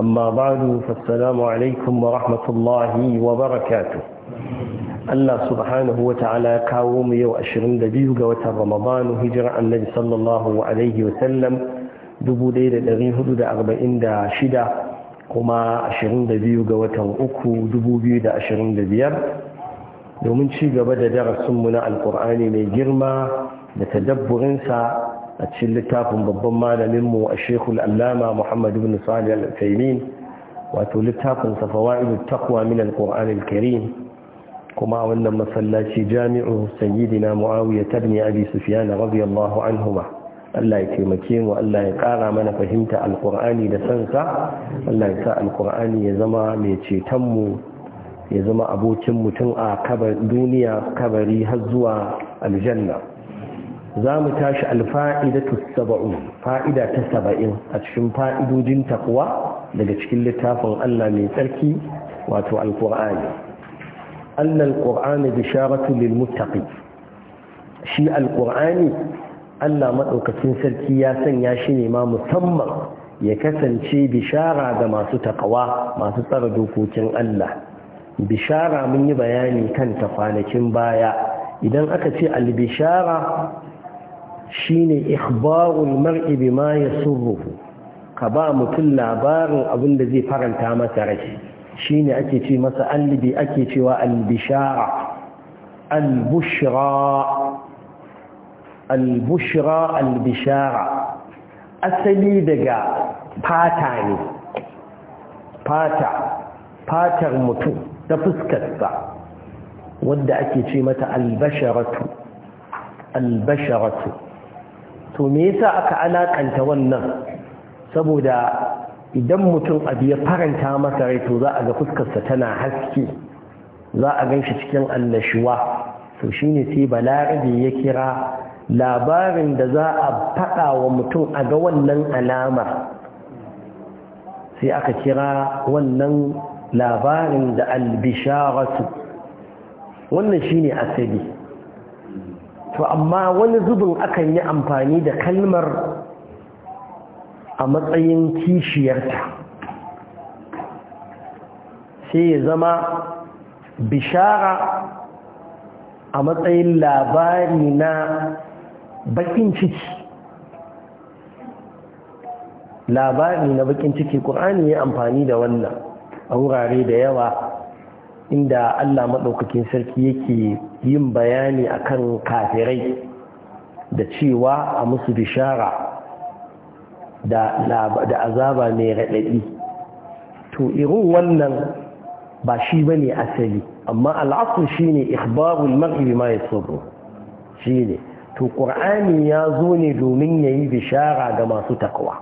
أما بعد فالسلام عليكم ورحمة الله وبركاته Allah subhanahu wa ta'ala ya kawo mu yau 22 ga watan Ramadanu hijirar annabi sallallahu alaihi wa sallam 1446 kuma 22 ga watan uku 2025 domin ci gaba da darasinmu na alkur'ani mai girma da tadabburinsa a cikin littafin babban malaminmu a shekul allama muhammad ibn salih al-taimin wato littafin safawa'idu takwa min al-qur'an al-karim kuma a wannan masallaci jami'u sayyidina muawiya tabni abi sufyan radiyallahu anhuma Allah ya taimake mu Allah ya ƙara mana fahimta al'kur'ani da sansa Allah ya sa alƙur'ani ya zama mai ceton mu ya zama abokin mutum a duniya kabari har zuwa aljanna za mu tashi alfa'idatu saba'un fa'ida ta saba'in a cikin fa'idojin takwa daga cikin littafin Allah mai tsarki wato alƙur'ani anna alƙur'ani bisharatu lil muttaqi shi alƙur'ani Allah madaukakin sarki ya sanya shi ne ma musamman ya kasance bishara ga masu takawa masu tsara dokokin Allah bishara mun yi bayani kan ta kwanakin baya idan aka ce albishara shine ikhbarul mar'i bima yasurruhu ka ba mutum labarin abin da zai faranta masa rai shine ake ce masa albi ake cewa albishara albushra albushra albishara asali daga fata ne fata fatar mutum ta fuskarsa wadda ake ce mata albasharatu albasharatu to me yasa aka alakanta wannan saboda idan mutum abu ya faranta masa rai to za a ga fuskarsa tana haske za a gan shi cikin annashuwa to shine sai balarabe ya kira labarin da za a faɗa wa mutum a ga wannan alama, sai aka kira wannan labarin da albisharatu wannan shine asali to amma wani zubin akan yi amfani da kalmar a matsayin kishiyarta sai ya zama bishara a matsayin labari na bakin ciki labari na bakin ciki ƙur'ani ya amfani da wannan a wurare da yawa inda Allah maɗaukakin sarki yake yin bayani a kan kafirai da cewa a musu bishara da azaba mai raɗaɗi to irin wannan ba shi ba ne asali amma al'asu shi ne ikhbarul mar'ibi ma ya tsoro shi ne to ƙur'ani ya zo ne domin ya yi bishara ga masu takwa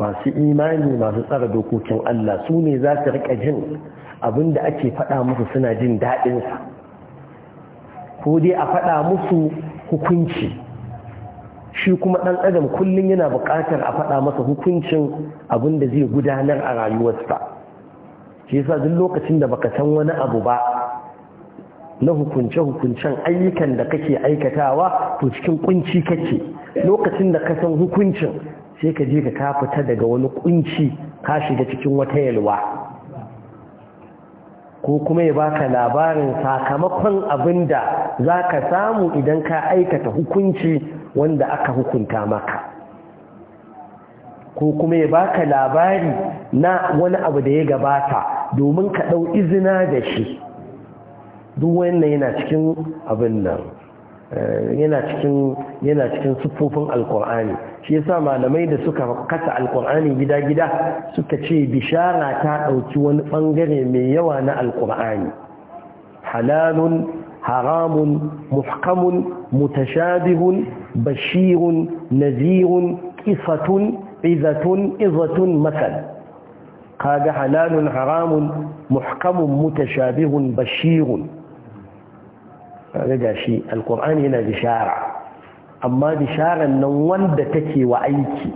masu imani masu tsara dokokin Allah su ne za su riƙa jin abin da ake faɗa musu suna jin daɗinsa ko dai a faɗa musu hukunci shi kuma ɗan adam kullum yana buƙatar a faɗa masa hukuncin abin da zai gudanar a rayuwarsa shi yasa duk lokacin da baka san wani abu ba na hukunce-hukuncen ayyukan da kake aikatawa to cikin kunci kake lokacin da ka san hukuncin sai ka je ka ka fita daga wani kunci ka shiga cikin wata yalwa ko kuma ya baka labarin sakamakon abin da za ka samu idan ka aikata hukunci wanda aka hukunta maka ko kuma ya baka labari na wani abu da ya gabata domin ka ɗau izina da shi duk wannan yana cikin abin nan Eh, yana cikin yana cikin alkur'ani shi yasa malamai da suka kasa alkur'ani gida-gida suka ce bishara ta ɗauki wani ɓangare mai yawa na alkur'ani halalun haramun muhkamun mutashabihun bashirun nazirun kisatun izatun izatun masal kaga halalun haramun muhkamun mutashabihun bashirun ga gashi Alƙur'ani yana bishara amma bisharar nan wanda take wa aiki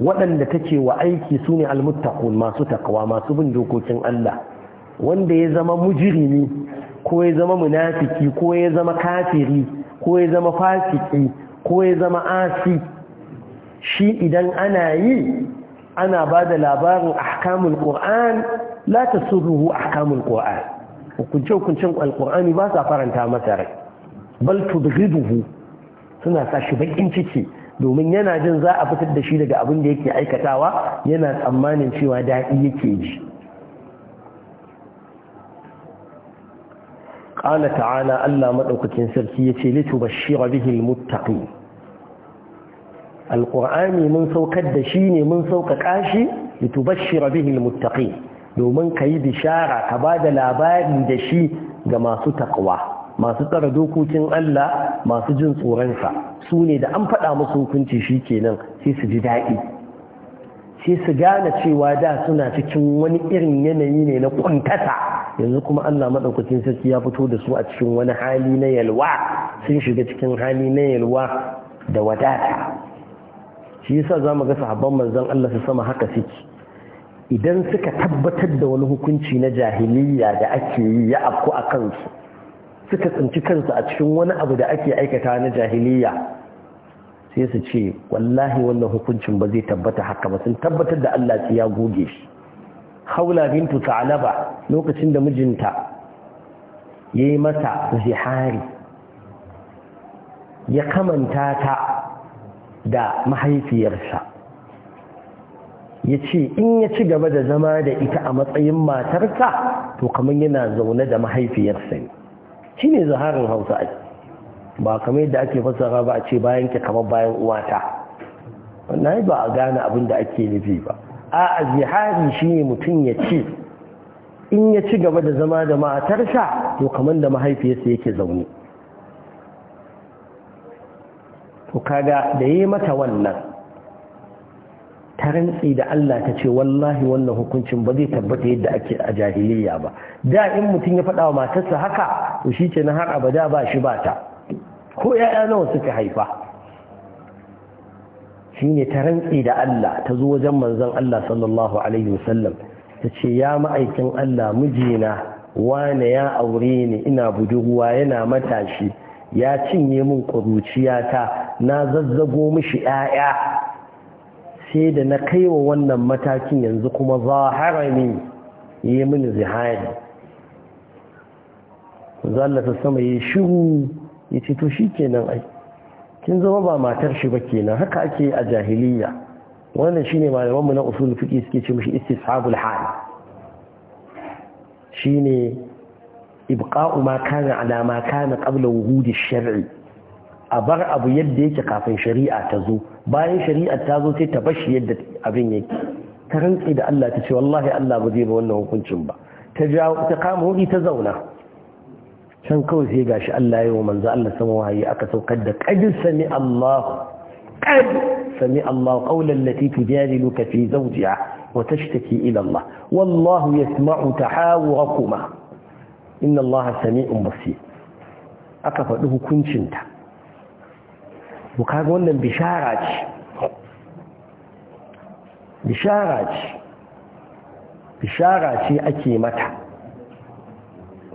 waɗanda take wa aiki su ne almuttaqun masu takawa masu bin dokokin Allah wanda ya zama mujirimi ko ya zama munafiki ko ya zama kafiri ko ya zama fasiki ko ya zama asi shi idan ana yi ana ba da labarin ahkamul qur'an la tasurruhu ahkamul qur'an hukunce-hukuncen alkur'ani ba sa faranta masa rai bal tudghiduhu suna sa shi bakin ciki domin yana jin za a fitar da shi daga abin da yake aikatawa yana tsammanin cewa daɗi yake ji qala ta'ala Allah madaukakin sarki yace litubashshira bihi almuttaqin alqur'ani mun saukar da shi ne mun sauƙaƙa shi litubashshira bihi almuttaqin domin ka yi bishara ka ba da labari da shi ga masu takwa masu tsara dokokin Allah masu jin tsoronsa su ne da an faɗa musu hukunci shi kenan sai su ji daɗi sai su gane cewa da suna cikin wani irin yanayi ne na ƙuntata yanzu kuma Allah maɗaukacin sarki ya fito da su a cikin wani hali na yalwa sun shiga cikin hali na yalwa da wadata shi yasa za mu ga sahabban manzon Allah su sama haka suke idan suka tabbatar da wani hukunci na jahiliya da ake yi ya afku a kansu suka tsinci kansu a cikin wani abu da ake aikata na jahiliya sai su ce wallahi wannan hukuncin ba zai tabbata haka ba sun tabbatar da Allah ya goge shi haula bintu ta'alaba lokacin da mijinta ya yi masa zihari ya kamanta ta da mahaifiyarsa ya ce in ya ci gaba da zama da ita a matsayin matarsa to kamar yana zaune da mahaifiyarsa ne shi ne zaharin hausa a ba kamar yadda ake fassara ba a ce bayan ki kamar bayan uwata wannan ba a gane abin da ake nufi ba a zihari shi ne mutum ya ce in ya ci gaba da zama da matarsa to kamar da mahaifiyarsa yake zaune to kaga da yi mata wannan ta rantsi da Allah ta ce wallahi wannan hukuncin ba zai tabbata yadda ake a jahiliya ba da in mutum ya faɗa wa matarsa haka to shi ce na har abada ba shi ba ta ko ya'ya nawa suka haifa shi ne ta rantsi da Allah ta zo wajen manzon Allah sallallahu alaihi wasallam ta ce ya ma'aikin Allah mijina wane ya aure ni ina budurwa yana matashi ya cinye min ƙuruciyata na zazzago mishi 'ya'ya sai da na kai wa wannan matakin yanzu kuma zahara ne yi mini zihari zallata sama ya shiru ya ce to shi kenan ai kin zama ba matar shi ba kenan haka ake a jahiliya wannan ne malamanmu na usul fiqi suke ce mishi istishabul hal shine ibqa'u ma kana ala ma kana qabla wuhudi shar'i a bar abu yadda yake kafin shari'a ta zo bayan shari'ar ta zo sai ta bashi yadda abin yake ta rantsi da Allah ta ce wallahi Allah ba zai ba wannan hukuncin ba ta ja ta kama wuri ta zauna can kawai sai gashi Allah ya yi wa manzo Allah sama wahayi aka saukar da qad sami Allah qad sami Allah qawlan lati tujadiluka fi zawjiha wa tashtaki ila Allah wallahu yasma'u tahawurakuma inna Allah sami'un basir aka faɗi hukuncinta to kaga wannan bishara ce bishara ce bishara ce ake mata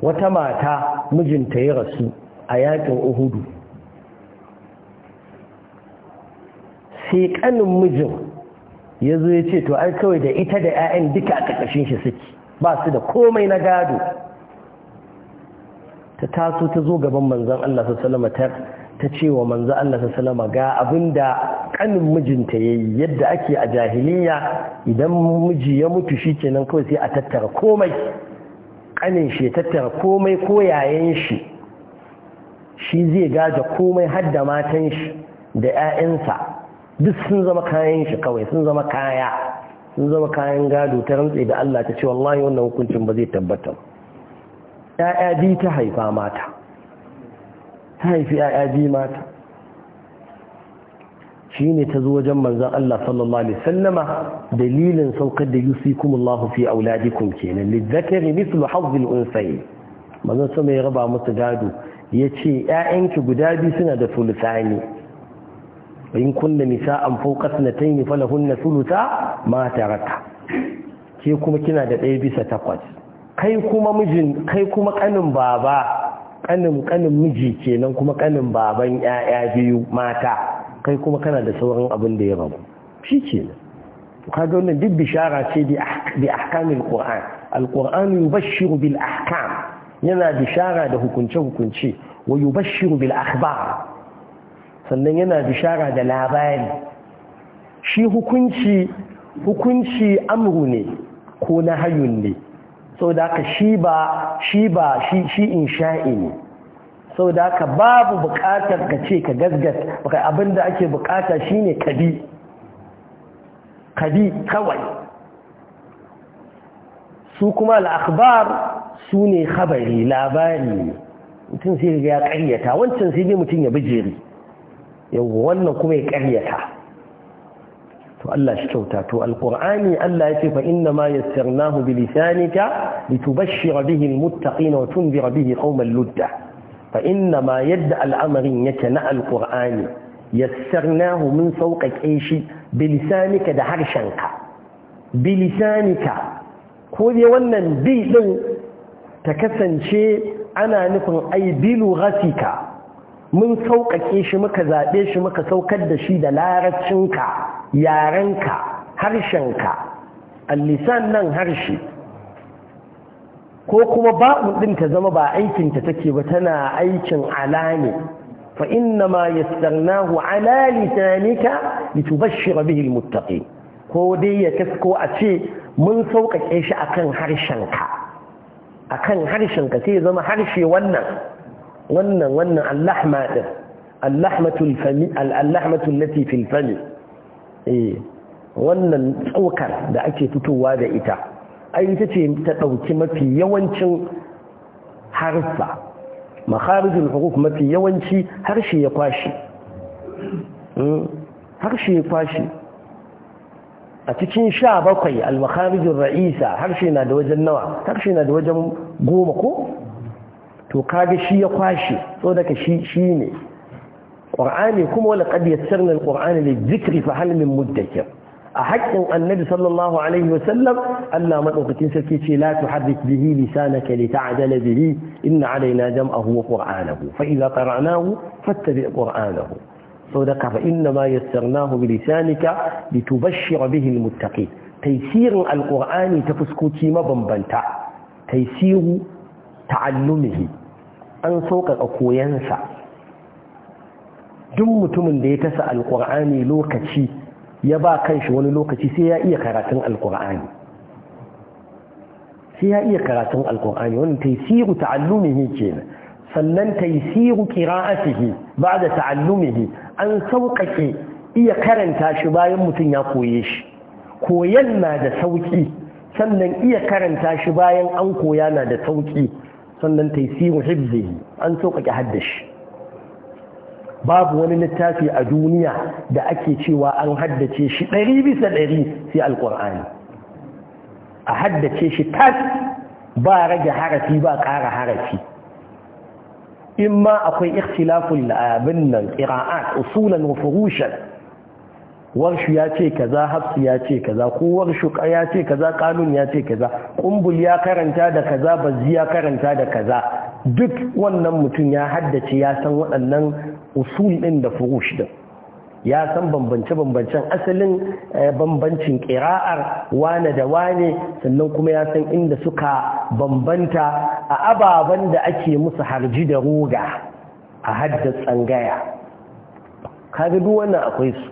wata mata mijinta ya rasu a yakin uhudu sai kanin mijin ya zo ya ce to ai kawai da ita da 'ya'yan duka a ƙarƙashin shi suke ba su da komai na gado ta taso ta zo gaban manzan Allah su salama ta ta ce wa manzo Allah sallama ga abinda kanin mijinta yayi yadda ake a jahiliyya idan miji ya mutu shi shikenan kawai sai a tattara komai kanin shi ya tattara komai ko yayan shi shi zai gaja komai har da matan shi da ƴaƴansa duk sun zama kayan shi kawai sun zama kaya sun zama kayan gado ta rantsi da Allah ta ce wallahi wannan hukuncin ba zai tabbata ƴaƴa biyu ta haifa mata ta haifi ‘ya'ya biyu mata shi ne ta zo wajen manzan Allah sallallahu Alaihi sallama dalilin saukar da yusi kuma Allah fi auladikum kenan lizzakari mislu hazzil unsayi manzan sama ya raba musu gado ya ce ‘ya'yanki guda biyu suna da ne. in kunna nisa'an yi sanatayn falahunna sulusa Mata raka. ke kuma kina da ɗaya bisa takwas kai kuma mijin kai kuma kanin baba kanin kanin miji kenan kuma kanin baban ƴaƴa biyu mata kai kuma kana da sauran abin da ya rabu shi kenan ga wannan duk bishara ce bi ahkamil qur'an alquran yubashshiru bil ahkam yana bishara da hukunce hukunce wa yubashshiru bil akhbar sannan yana bishara da labari shi hukunci hukunci amru ne ko nahayun ne sau da ka shi ba shi ba shi in sha'i ne sau da ka babu bukatar ka ce ka gasgata baka abinda ake bukata shine kabi kabi kawai su kuma al'akbar su ne habari labari ne mutum sai ya karyata wancan sai ne mutum ya bijiri yau wannan kuma ya karyata to Allah shi kyauta to alqur'ani Allah ya ce fa inna ma yassarnahu bi lisanika litubashshira bihi almuttaqina wa tunzira bihi qauman ludda fa inna ma yadda al'amarin yake na alqur'ani yassarnahu mun sauƙaƙe shi bi lisanika da harshenka bi lisanika ko dai wannan bi din ta kasance ana nufin ai bi lughatika mun sauƙaƙe shi muka zaɓe shi muka saukar da shi da larabcinka yarenka harshenka allisan nan harshe ko kuma ba'un din ta zama ba aikinta take ba tana aikin ala ne fa inna ma yassarnahu ala lisanika litubashshira bihi almuttaqin ko dai ya kasko a ce mun sauƙaƙe shi akan harshenka akan harshenka sai ya zama harshe wannan wannan wannan allahma din allahmatul fami allahmatul lati fil fami Eh, wannan tsaukar da ake fitowa da ita ai ta ce ta ɗauki mafi yawancin harsa. makharijul hukuk mafi yawanci harshe ya kwashe. Hmm, harshe ya kwashi a cikin sha bakwai almakharijin ra'isa harshe na da wajen nawa harshe na da wajen goma ko to kaga shi ya kwashe so daga shi shi ne Ƙur'ani kuma wala qad yassarna alqur'ana lidhikri fa hal muddakir a haƙƙin annabi sallallahu alaihi wasallam Allah madaukakin sarki ce la tuharrik bihi lisanaka lita'jala bihi inna alaina jam'ahu wa qur'anahu fa idza qara'nahu fattabi' qur'anahu saudaka fa inna ma yassarnahu bi lisanika litubashshira bihi almuttaqin taysirin alqur'ani ta fuskoki mabambanta taysiru ta'allumihi an sauƙaƙa koyansa duk mutumin da ya tasa alkur'ani lokaci ya ba kanshi wani lokaci sai ya iya karatun alkur'ani sai ya iya karatun alkur'ani wani taisiru ta'allumihi kenan sannan taisiru qira'atihi ba'da ta'allumihi an sauƙaƙe iya karanta shi bayan mutum ya koye shi koyan na da sauƙi sannan iya karanta shi bayan an koya na da sauƙi sannan taisiru hibzihi an sauƙaƙe haddashi babu wani littafi a duniya da ake cewa an haddace shi ɗari bisa ɗari sai alƙur'ani a haddace shi tas ba rage harafi ba ƙara harafi in ma akwai ikhtilafun abin nan ƙira'at usulan wa furushan warshu ya ce kaza hafsu ya ce kaza ko warshu ya ce kaza kanun ya ce kaza kumbul ya karanta da kaza bazzi ya karanta da kaza duk wannan mutum ya haddace ya san waɗannan usul din da furush din ya san bambance-bambancen asalin eh, bambancin ƙira'ar wane da wane sannan kuma ya san inda suka bambanta a ababan da ake musu harji da roga a haddar tsangaya kaga duk wannan akwai su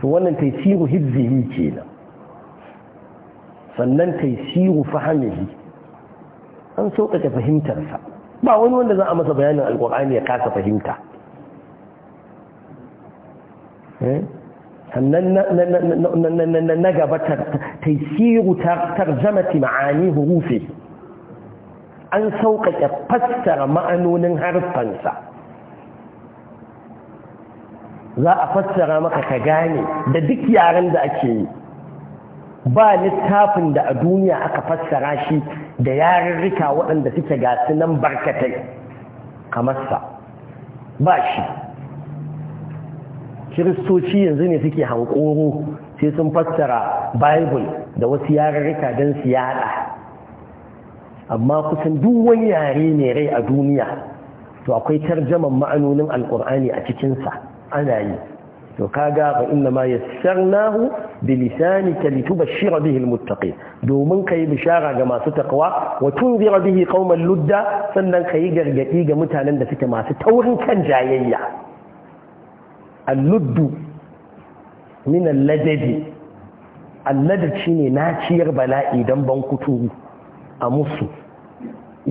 to wannan taisiru ke kenan sannan taisiru fahimihi an sauƙaƙe fahimtarsa ba wani wanda za a masa bayanin alƙur'ani ya kasa fahimta Eh? sannan na gaba taisiru ta ma'ani hurufi an sauƙaƙe fassara ma'anonin harfansa za a fassara maka ka gane da duk yaren da ake yi ba littafin da a duniya aka fassara shi da yarirrika waɗanda suke gasu nan barkatai kamar sa ba shi kiristoci yanzu ne suke hankoro sai sun fassara bible da wasu yararrika don su amma kusan duk wani yare ne rai a duniya to akwai tarjaman ma'anonin alkur'ani a cikinsa ana yi to kaga fa inna ma yassarnahu bi lisanika litubashshira bihi almuttaqin domin kai bishara ga masu takawa wa tunzira bihi qauman ludda sannan kai gargadi ga mutanen da suke masu taurin kan jayayya alluddu min alladadi alladad shine naciyar bala'i dan ban kuturu a musu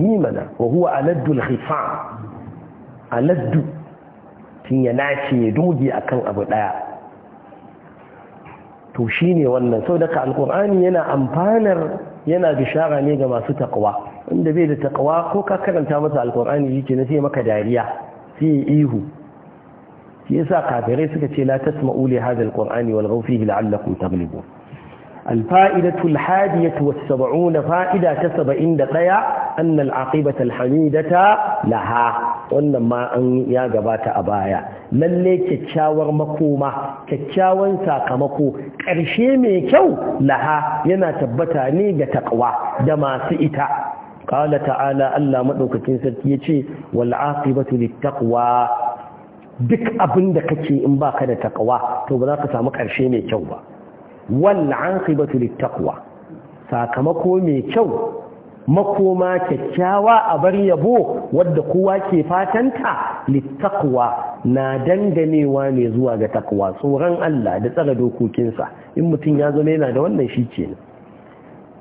yi mana wa huwa aladdu alkhifa aladdu tun ya nace ya doge akan abu daya to shine wannan sau daga alkur'ani yana amfanar yana bishara ne ga masu taqwa inda bai da taqwa ko ka karanta masa alkur'ani yake na sai maka dariya sai ihu shi yasa kafirai suka ce la tasma'u li hadha alqur'ani walghaw fihi la'allakum taghlibun الفائدة الحادية والسبعون فائدة تسبعين دقيا أن العقيبة الحميدة لها وإنما ya gabata a baya lalle kyakkyawar makoma kyakkyawan sakamako ƙarshe mai kyau laha yana tabbata ne ga takwa da masu ita qala ta'ala Allah madaukakin sarki yace wal aqibatu littaqwa duk abin da kake in baka da takawa to ba za ka samu ƙarshe mai kyau ba wal lit takwa, sakamako mai kyau makoma kyakkyawa a bar yabo wadda kowa ke fatanta littaqwa na danganewa ne zuwa ga takwa tsoron Allah da tsara dokokinsa in mutum ya zama yana da wannan shi kenan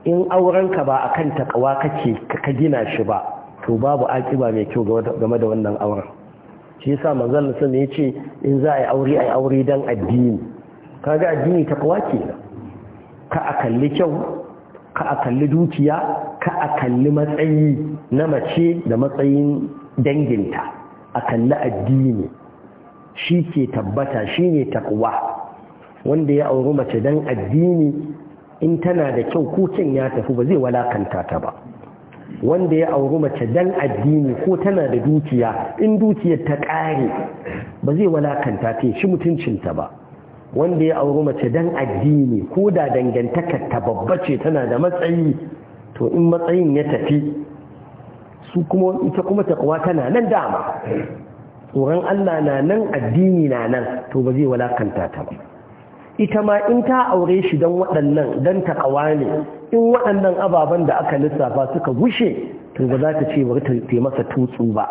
in aurenka ba akan takawa kake ka gina shi ba to babu akiba mai kyau game da wannan auren shi yasa manzon sun ya ce in za a yi aure a yi aure dan addini kaga addini ta takwa ke ka a kalli kyau ka a kalli dukiya ka a kalli matsayi na mace da matsayin danginta a kalli addini shi ke tabbata shi ne takwa wanda ya auri mace dan addini in tana da kyau kukin ya tafi ba zai walakanta ta ba wanda ya auri mace dan addini ko tana da dukiya in dukiyar ta ƙare ba zai walakanta ta shi mutuncinta ba wanda ya auri mace dan addini ko da dangantakar ta babba ce tana da matsayi to in matsayin ya tafi su kuma ita kuma takwa tana nan dama tsoron Allah na nan addini na nan to ba zai walakanta ta ba ita ma in ta aure shi don waɗannan don ƙawa ne in waɗannan ababen da aka lissafa suka gushe to ba za ta ce bari ta masa tutsu ba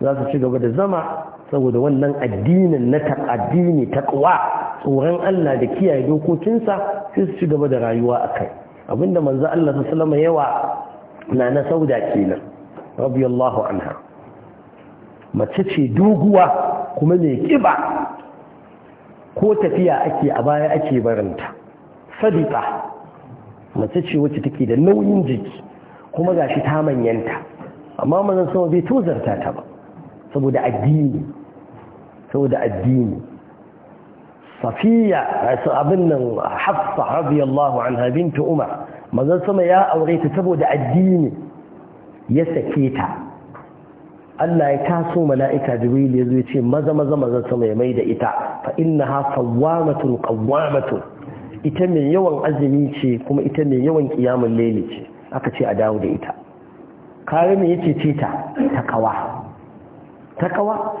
za su ci gaba da zama saboda wannan addinin na ta addini ƙawa tsoron Allah da kiyaye dokokinsa sai su ci gaba da rayuwa a kai abinda manzo Allah sallama yawa na na sauda kenan radiyallahu anha mace ce doguwa kuma mai kiba ko tafiya ake a baya ake barinta sadiqa mace ce wacce take da nauyin jiki kuma gashi ta manyanta amma manzon sama bai tozarta ta ba saboda addini saboda addini safiya abin nan hafsa radiyallahu anha bintu umar manzon sama ya aure ta saboda addini ya sake ta Allah ya taso mala'ika Jibril ya zo ce maza maza maza sama ya da ita fa ha sawwamatun qawwamatun ita mai yawan azumi ce kuma ita mai yawan kiyamul lele ce aka ce a dawo da ita kare me yace ce ta takawa takawa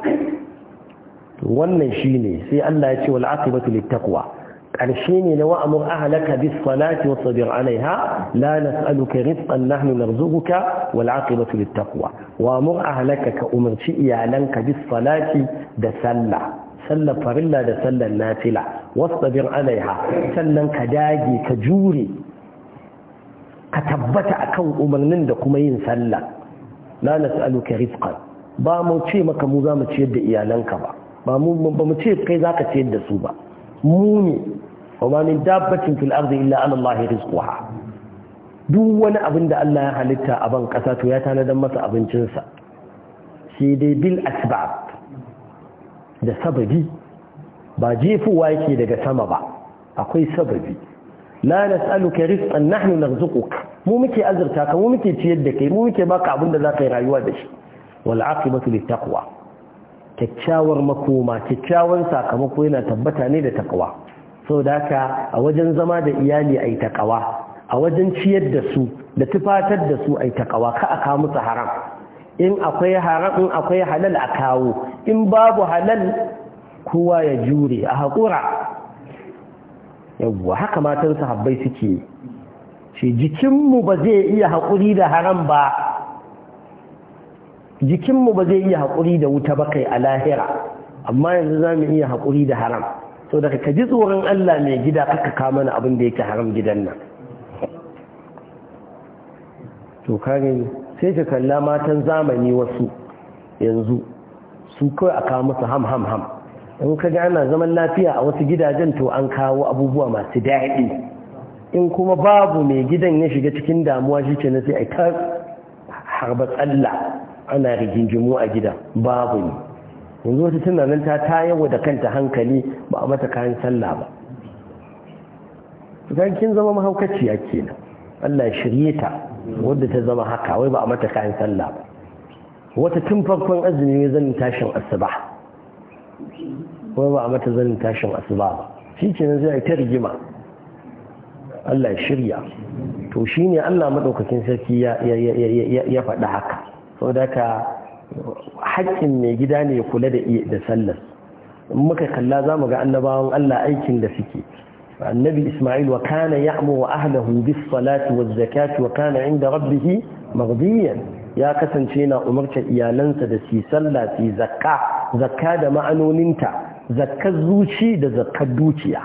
wannan shine sai Allah ya ce wal aqibatu littaqwa ƙarshe ne na wa'amur ahalaka bis salati wa sabir alaiha la nas'aluka rizqan nahnu narzuquka wal aqibatu lit taqwa wa amur ahalaka ka umarci iyalanka bis salati da sallah sallar farilla da sallar nafila wasabir alaiha sannan ka dage ka jure ka tabbata akan umarnin da kuma yin sallah la nas'aluka rizqan ba mu ce maka mu za mu ciyar da iyalanka ba ba mu ba mu ce kai zaka ciyar da su ba Muni, ne wa min dabbatin fil ardi illa ala Allah rizquha duk wani abin da Allah ya halitta a ban kasa to ya tanadan masa abincinsa sai dai bil asbab da sababi ba jefuwa yake daga sama ba akwai sababi la nas'aluka rizqan nahnu narzuquka mu muke azurta ka mu muke ciyar da kai mu muke baka abin da zaka yi rayuwa da shi wal aqibatu lit taqwa kyakkyawar makoma kyakkyawar sakamako yana tabbata ne da takawa sau da haka a wajen zama da iyali a yi takawa a wajen ciyar da su da tufatar da su a yi takawa ka a musu haram in akwai haram in akwai halal a kawo in babu halal kowa ya jure a haƙura yawwa haka matansa Habbai suke ce jikinmu ba zai iya haƙuri da haram ba jikinmu ba zai iya haƙuri da wuta ba kai a lahira amma yanzu za mu iya haƙuri da haram sau daga ka ji tsoron Allah mai gida aka ka mana abin da yake haram gidan nan to kare sai ka kalla matan zamani wasu yanzu su kawai a kawo musu ham ham ham in ka ga ana zaman lafiya a wasu gidajen to an kawo abubuwa masu daɗi in kuma babu mai gidan ya shiga cikin damuwa shi ke na sai a ta harba tsalla ana rigingimu a gida babu ne yanzu wata tunanin ta ta yawo da kanta hankali ba a mata kayan sallah ba idan kin zama mahaukaciya kenan Allah shirye ta wadda ta zama haka wai ba a mata kayan sallah ba wata tun farkon azumi ne zanin tashin asuba wai ba a mata zanin tashin asuba ba shi nan zai ta rigima Allah shirya to shine Allah madaukakin sarki ya ya ya ya faɗa haka sau da haƙƙin mai gida ne kula da da sallar in muka kalla za mu ga annabawan Allah aikin da suke annabi Ismail wa kana wa ahlahu bis salati waz zakati wa kana inda rabbih ya kasance yana umarta iyalansa da su sallah su zakka zakka da ma'anoninta zakkar zuci da zakkar dukiya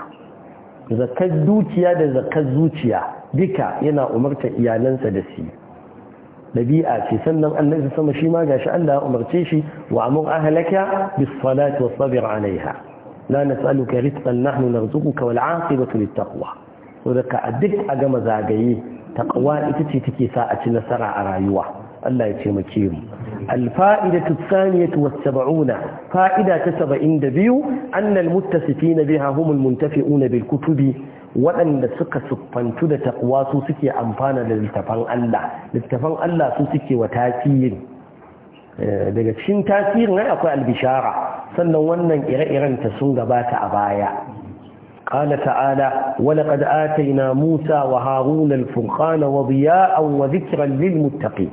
zakkar dukiya da zakkar zuciya duka yana umarta iyalansa da su Nabi'a ce sannan annabi sama shi ma gashi Allah ya umarce shi wa amur ahlaka bis salati was sabir alaiha la nas'aluka rizqan nahnu narzuquka wal 'aqibatu lit taqwa so da ka duk a gama zagaye taqwa ita ce take sa a ci nasara a rayuwa Allah ya taimake mu الفائدة الثانية والسبعون فائدة سبعين دبيو أن المتسفين بها هم المنتفئون بالكتب waɗanda suka siffantu da takwa su suke amfana da littafan Allah littafan Allah suke wa tasirin eh, daga cikin tasirin ai akwai albishara sannan wannan ire-iren ta sun gabata a baya qala ta'ala wa laqad atayna Musa wa Haruna al-furqana wa diya'an wa dhikran lil muttaqin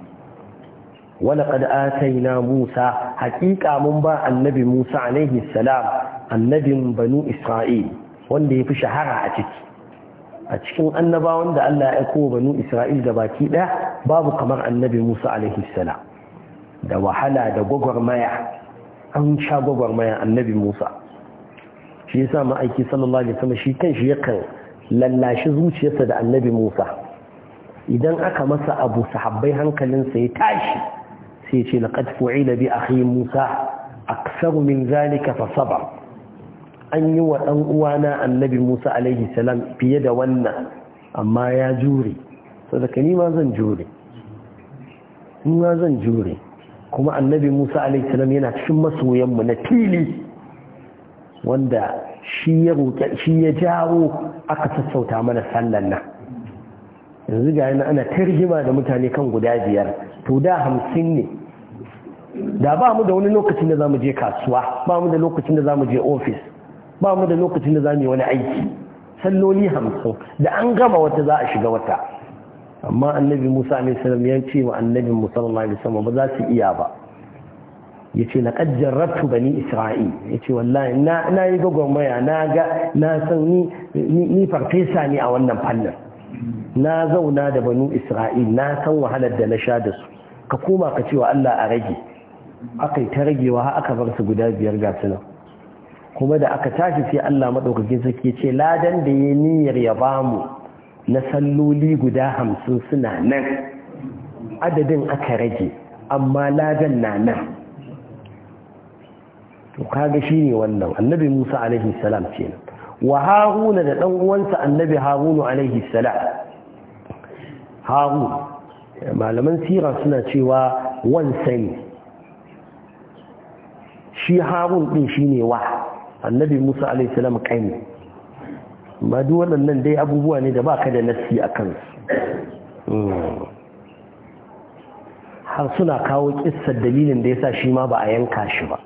wa laqad atayna Musa haƙiƙa mun ba annabi Musa alaihi salam annabin banu Isra'il wanda ya fi shahara a ciki a cikin annabawan da Allah ya aiko banu Isra'il da baki ɗaya babu kamar annabi Musa alaihi salam da wahala da gwagwarmaya an sha gwagwarmaya annabi Musa shi yasa ma'aiki sallallahu alaihi wasallam shi kanshi yakan lallashi zuciyarsa da annabi Musa idan aka masa abu sahabbai sa ya tashi sai ce laqad fu'ila bi akhi Musa aksaru min zalika fa sabar an yi wa ɗan uwana annabi Musa alaihi salam fiye da wannan amma ya jure da ni ma zan jure nima ma zan jure kuma annabi Musa alaihi salam yana cikin masoyanmu na fili wanda shi ya shi ya jawo aka sassauta mana sallan nan yanzu ga yana ana tarjima da mutane kan guda biyar to da hamsin ne da ba mu da wani lokacin da za mu je kasuwa ba mu da lokacin da za mu je ofis ba mu da lokacin da za mu yi wani aiki salloli hamsin da an gama wata za a shiga wata amma annabi musa alaihissalam ya ce wa annabin musamman alaihissalam ba za su iya ba ya ce na ƙajjar rattu bani isra'il ya ce wallahi na yi gwagwarmaya na ga na san ni farfesa ne a wannan fannin na zauna da banu isra'il na san wahalar da na sha da su ka koma ka cewa allah a rage aka yi ta ragewa har aka bar su guda biyar ga nan kuma da aka tashi sai Allah maɗaukakin sarki ce ladan da ya niyyar ya bamu na salloli guda hamsin suna nan adadin aka rage amma ladan na nan to kaga shine wannan annabi Musa alaihi salam ce. wa haruna da dan uwansa annabi harunu alaihi salam harun malaman sira suna cewa wan sani shi harun din shine wa annabi musa alaihi salam kai ne ba duk waɗannan dai abubuwa ne da ba ka da nassi a kansu hmm. har suna kawo kissar dalilin da ya sa shi ma ba a yanka shi ba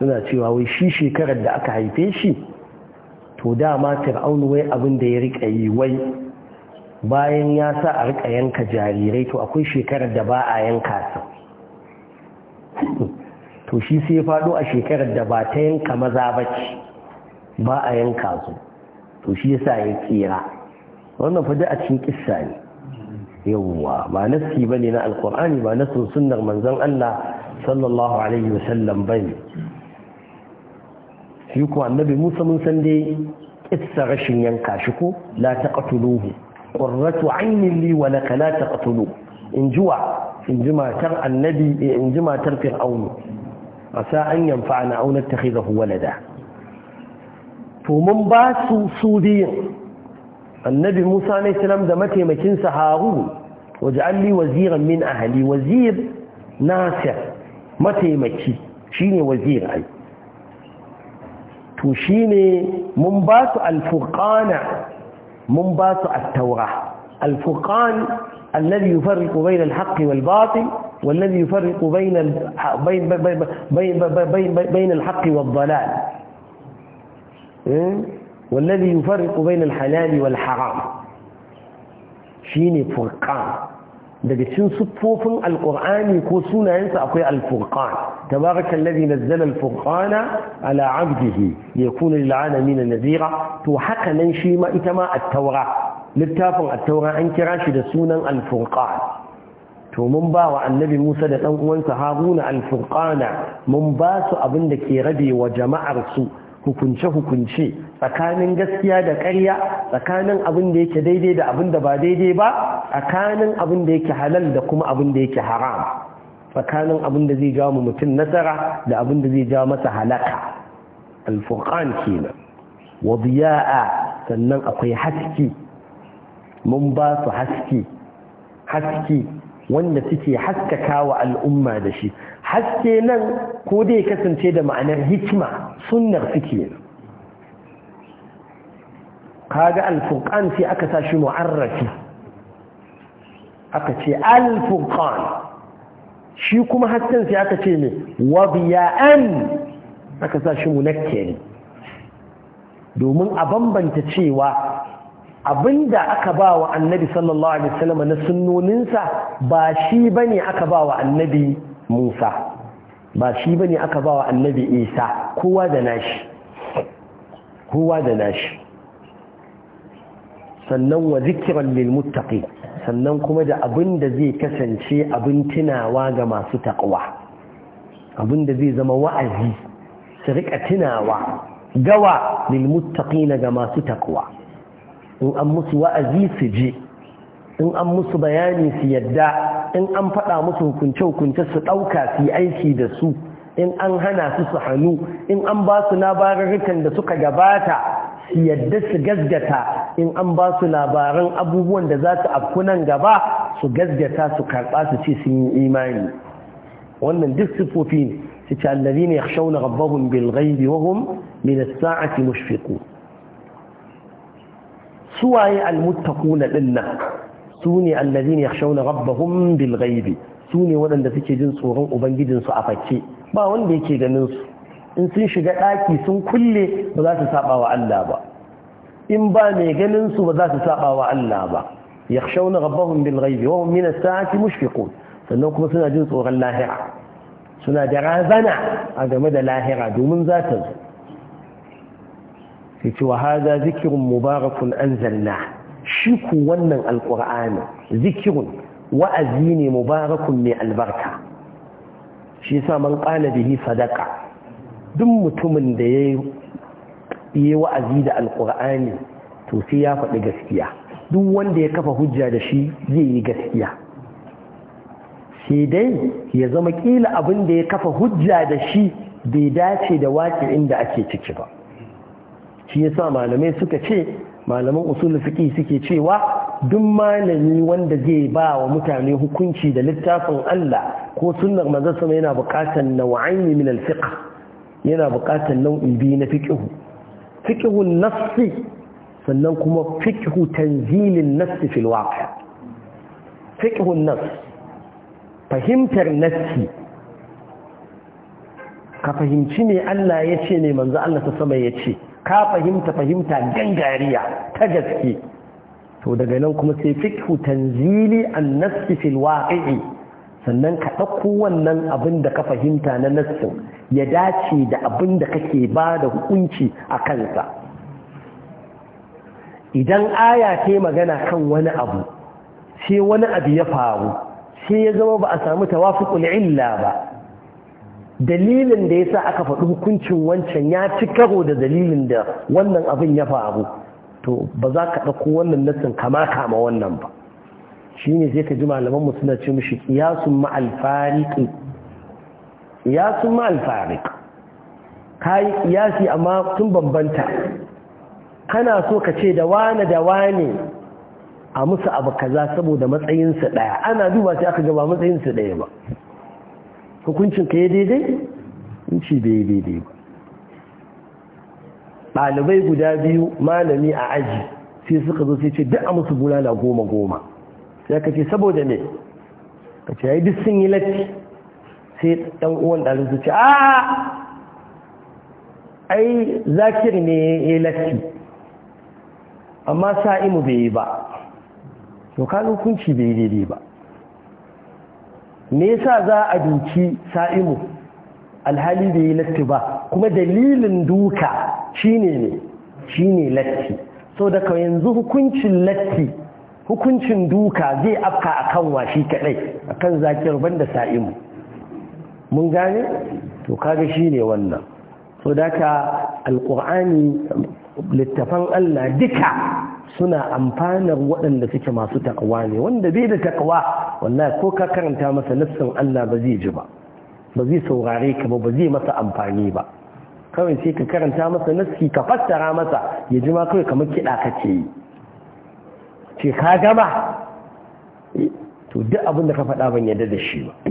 suna cewa wai shi shekarar da aka haife shi to dama fir'aun wai abin da ya rika yi wai bayan ya sa a rika yanka jarirai to akwai shekarar da ba a yanka su to shi sai faɗo a shekarar da ba ta yanka maza ba ce ba a yanka su to shi yasa ya tsira wannan fadi a cikin kissa ne yawwa ba nassi ne na alqur'ani ba nassin sunnar manzon Allah sallallahu alaihi wasallam bane shi annabi Musa mun san dai kissa rashin yanka shi ko la taqtuluhu qurratu aynin li wa laka la taqtulu in jiwa in ji matar annabi eh, in ji matar fir'aunu عسى أن ينفعنا أو نتخذه ولدا فمن باسو سودي النبي موسى عليه السلام ده متيمكين سهارون واجعل لي وزيرا من أهلي وزير متى متيمكي شيني وزير أي وشيني من باسو الفرقان من باسو التوراة الفرقان الذي يفرق بين الحق والباطل والذي يفرق بين بين بين بين بين الحق والضلال إيه؟ والذي يفرق بين الحلال والحرام شيني فرقان ده بتشين صفوف القرآن يكون سنة ينسى الفرقان تبارك الذي نزل الفرقان على عبده ليكون للعالمين نذيرا توحق من شيما إتما التوراة للتافر التوراة أنك راشد سنة الفرقان to mun ba wa annabi Musa da ɗan uwansa Haruna al-Furqana mun ba su abin da ke rabe wa jama'ar su hukunce-hukunce tsakanin gaskiya da ƙarya tsakanin abin da yake daidai da abin da ba daidai ba tsakanin abin da yake halal da kuma abin da yake haram tsakanin abin da zai jawo mu mutum nasara da abin da zai jawo masa halaka alfurqan kenan wa diya'a sannan akwai haske mun ba su haske haske wanda suke haskaka wa al'umma da shi haske nan ko dai kasance da ma'anar hikima sunnar suke kaga al-furqan sai aka sa mu'arrafi aka ce al-furqan shi kuma hasken sai aka ce ne wa biya'an aka sa shi domin a bambanta cewa abinda aka ba wa annabi sallallahu alaihi wasallam na sunnoninsa ba shi bane aka ba wa annabi Musa ba shi bane aka ba wa annabi Isa kowa da nashi kowa da nashi sannan wa zikran lil muttaqi sannan kuma da abinda zai kasance abin tunawa ga masu taqwa abinda zai zama wa'azi su rika tunawa gawa lil muttaqina ga masu taqwa in an musu wa'azi su je in an musu bayani su yadda in an faɗa musu hukunce-hukunce su ɗauka su yi aiki da su in an hana su su hannu in an ba su labarurrukan da suka gabata su yadda su gazgata, in an ba su labaran abubuwan da za su afkunan gaba su gazgata su karɓa su ce sun yi imani wannan duk sufofi ne su ce allazi ne ya shauna rabbahun min saati mushfiqun suwaye almuttaquna dinnan sune allazina yakhshawna rabbahum bilghaibi sune waɗanda suke jin tsoron ubangijinsu a fakke ba wanda yake ganin su in sun shiga daki sun kulle ba za su saba wa Allah ba in ba mai ganin su ba za su saba wa Allah ba yakhshawna rabbahum bilghaibi wa hum min as-sa'ati mushfiqun sannan kuma suna jin tsoron lahira suna da razana a game da lahira domin za ta zo sai ce wa haza zikirun mubarakun anzalna shi ku wannan Alƙur'ani zikirun wa'azi ne mubarakun mai albarka shi sa man da yi sadaka duk mutumin da ya yi wa'azi da Alƙur'ani to sai ya faɗi gaskiya duk wanda ya kafa hujja da shi zai yi gaskiya sai dai ya zama ƙila abin da ya kafa hujja da shi bai dace da waƙi inda ake ciki ba shi ya sa malamai suka ce malaman usul fiƙi suke cewa duk malami wanda zai ba wa mutane hukunci da littafin Allah ko sunnar manzon sama yana buƙatar nau'aini min al-fiqh yana buƙatar nau'i bi na fiqh fiqh an sannan kuma fiqh tanzil an-nass fil waqi' fiqh fahimtar nassi ka fahimci me Allah ya ce ne manzo Allah ta sama ya ce ka fahimta fahimta gangariya ta gaske to daga nan kuma sai fiqhu tanzili an nafsi fil waqi'i sannan ka ɗauko wannan abin da ka fahimta na nassin ya dace da abin da kake ba da hukunci a kansa idan aya ta magana kan wani abu sai wani abu ya faru sai ya zama ba a samu tawafuqul illa ba dalilin da ya sa aka faɗi hukuncin wancan ya ci karo da dalilin da wannan abin ya faru to ba za ka ɗauko wannan nassin kama kama wannan ba shi ne sai ka ji malamanmu suna ce mishi ƙiyasun ma'alfariƙi ma'alfariƙi ka yi ƙiyasi amma sun bambanta kana so ka ce da wane da wane a musu abu kaza saboda matsayinsa ɗaya ana duba sai aka gaba matsayinsu ɗaya ba hukuncin ka ya daidai in ci bai daidai ba ɗalibai guda biyu malami a aji sai suka zo sai ce duk a musu bulala goma goma sai ka ce saboda ne ka ce ya yi duk sun yi latti sai ɗan uwan ɗalin su ce a ai zakir ne ya yi latti amma sa'imu bai yi ba to kaga hukunci bai daidai ba me yasa za a duki sa'imu alhali da yi latti ba kuma dalilin duka shine ne shine latti so kawai yanzu hukuncin latti hukuncin duka zai afka a kan washi kadai akan ban banda sa'imu mun gane to kaga shine wannan so ka alkur'ani littafan Allah duka suna amfanar waɗanda suke masu takawa ne wanda bai da takawa wallahi ko ka karanta masa nassin Allah ba zai ji ba ba zai saurare ka ba ba zai masa amfani ba kawai sai ka karanta masa nassi ka fassara masa ya ji ma kawai kamar kiɗa kake yi ce ka gama eh, to duk abin da ka faɗa ban yarda da shi ba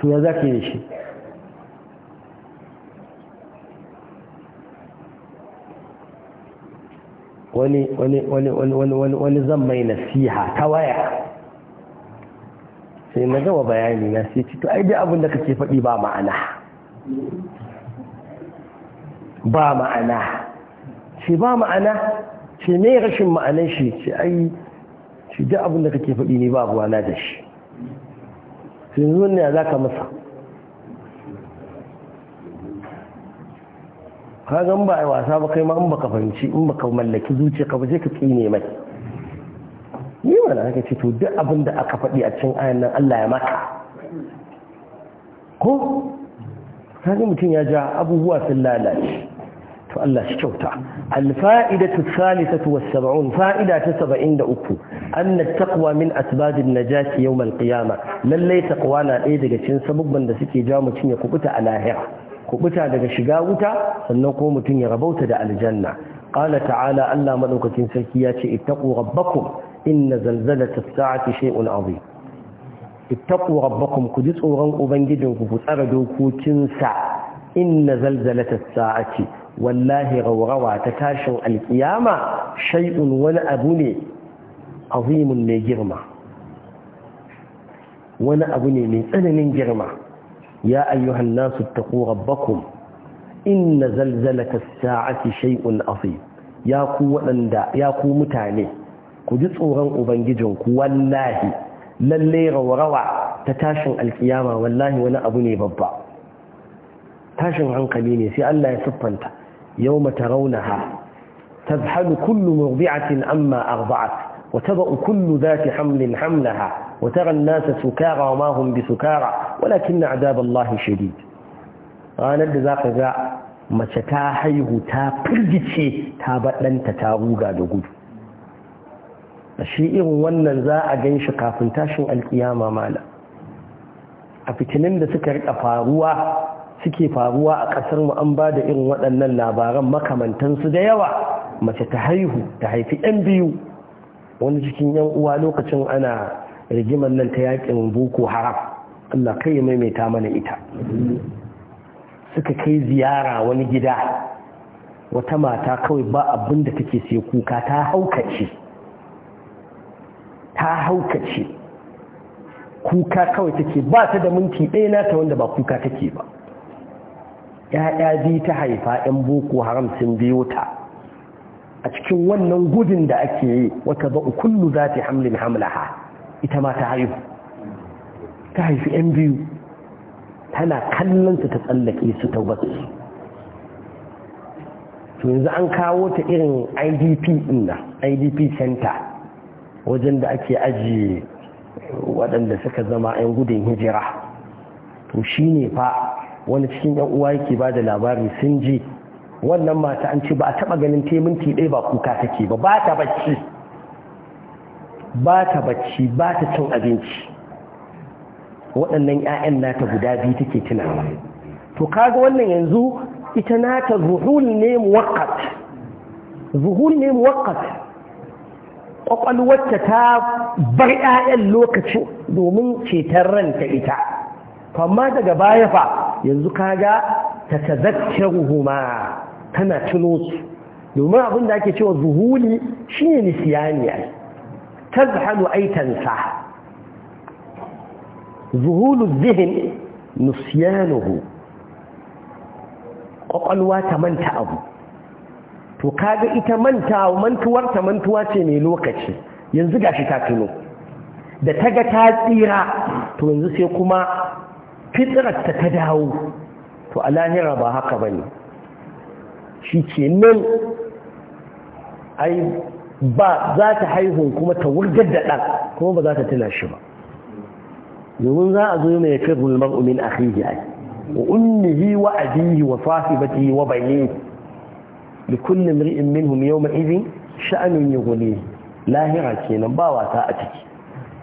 to ya za ka yi shi wani wani wani wani wani wani wani zan mai nasiha ta waya sai na gama bayani na sai ci to ai dai abin da kake faɗi ba ma'ana ba ma'ana ce ba ma'ana ce mai rashin ma'anan shi ce ai shi duk abin da kake faɗi ne ba na da shi zuwa ne za ka masa ka gan ba a wasa ba kai ma in baka fahimci in baka mallaki zuciya ka ba je ka tsine mai ni mana aka ce to duk abin da aka faɗi a cikin ayan nan Allah ya maka ko kaga mutum ya ja abubuwa sun lalace to Allah shi kyauta alfa'idatu thalithatu was-sab'un fa'ida ta 73 anna taqwa min asbabin najati yawm al-qiyamah lalle taqwa na ɗaya daga cikin sabubban da suke ja mutum ya kubuta a lahira kubuta daga shiga wuta sannan ko mutum ya rabauta da aljanna qala ta'ala Allah madaukakin sarki ya ce ittaqu rabbakum inna zalzalata as-sa'ati shay'un 'azim ittaqu rabbakum ku ji tsoron ubangijinku ku tsara dokokinsa inna zalzalata as-sa'ati wallahi rawrawa ta tashin alkiyama shay'un wani abu ne azimun mai girma wani abu ne mai tsananin girma ya ayyuhan su ta rabbakum inna zalzalata as-sa'ati shay'un azim ya ku wadanda ya ku mutane ku ji tsoron ubangijin ku wallahi lallai rawa ta tashin alkiyama wallahi wani abu ne babba tashin hankali ne sai Allah ya siffanta yawma tarawnaha tazhalu kullu murdi'atin amma arda'at وتضأ كل ذات حمل حملها وترى الناس سكارى وما هم بسكارى ولكن عذاب الله شديد ranar da za ka ga mace ta haihu ta firgice ta baɗanta ta ruga da gudu a shi irin wannan za a gan shi kafin tashin alkiyama mala a fitinin da suka rika faruwa suke faruwa a ƙasar mu an ba da irin waɗannan labaran makamantansu da yawa mace ta haihu ta haifi 'yan biyu wani cikin yan uwa lokacin ana rigimar nan ta yakin boko haram Allah kai ya maimaita mana ita suka kai ziyara wani gida wata mata kawai ba abin da take sai kuka ta haukace ta haukace kuka kawai take ba ta da minti ɗaya ta wanda ba kuka take ba ‘ya'ya biyu ta haifa ‘yan boko haram sun biyo ta a cikin wannan gudun da ake yi wata ba kullu za ta hamlin hamlaha ita ma ta haihu ta haifi yan biyu tana kallonta ta tsallake su ta wasu to yanzu an kawo ta irin idp inda idp center wajen da ake ajiye waɗanda suka zama 'yan gudun hijira to shi ne fa wani cikin 'yan uwa yake ba da labari sun ji wannan mata an ce ba a taba ganin taiminti ɗaya ba kuka take ba ba ta bacci ba ta bacci ba ta cin abinci waɗannan 'ya'yan nata guda biyu take tunawa to kaga wannan yanzu ita nata zuhul ne muwakkat zuhul ne muwakkat kwakwalwarta ta bar 'ya'yan lokaci domin cetar ranta ita amma daga baya fa yanzu kaga ta tazakkaruhuma tana cino su domin abin da ake cewa zuhuli shine nisiyani ta zahalu aitan sa zuhulu zihin nisiyanuhu ƙwaƙwalwa ta manta abu to kaga ita mantawa mantuwar ta mantuwa ce mai lokaci yanzu gashi ta tuno da ta ga ta tsira to yanzu sai kuma fitsirarta ta ta dawo to a lahira ba haka ba ne. shi ke nan ba za ta haihun kuma ta wurgar da ɗan kuma ba za ta tuna shi ba domin za a zo mai yakin rulmar umin a ai wa yi wa abihi wa sahibatihi wa bani li kulli imri'in minhum yawma idhin sha'anun yughni lahira kenan ba wata a ciki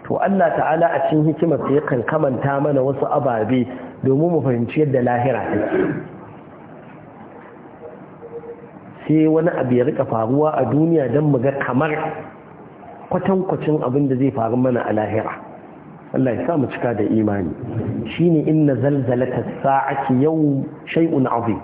to Allah ta'ala a cikin hikimar ta yakan kamanta mana wasu ababe domin mu fahimci yadda lahira take sai wani abu ya rika faruwa a duniya don mu ga kamar kwatankwacin abin da zai faru mana a lahira Allah ya sa mu cika da imani shine inna zalzalata sa'ati yau shay'un azim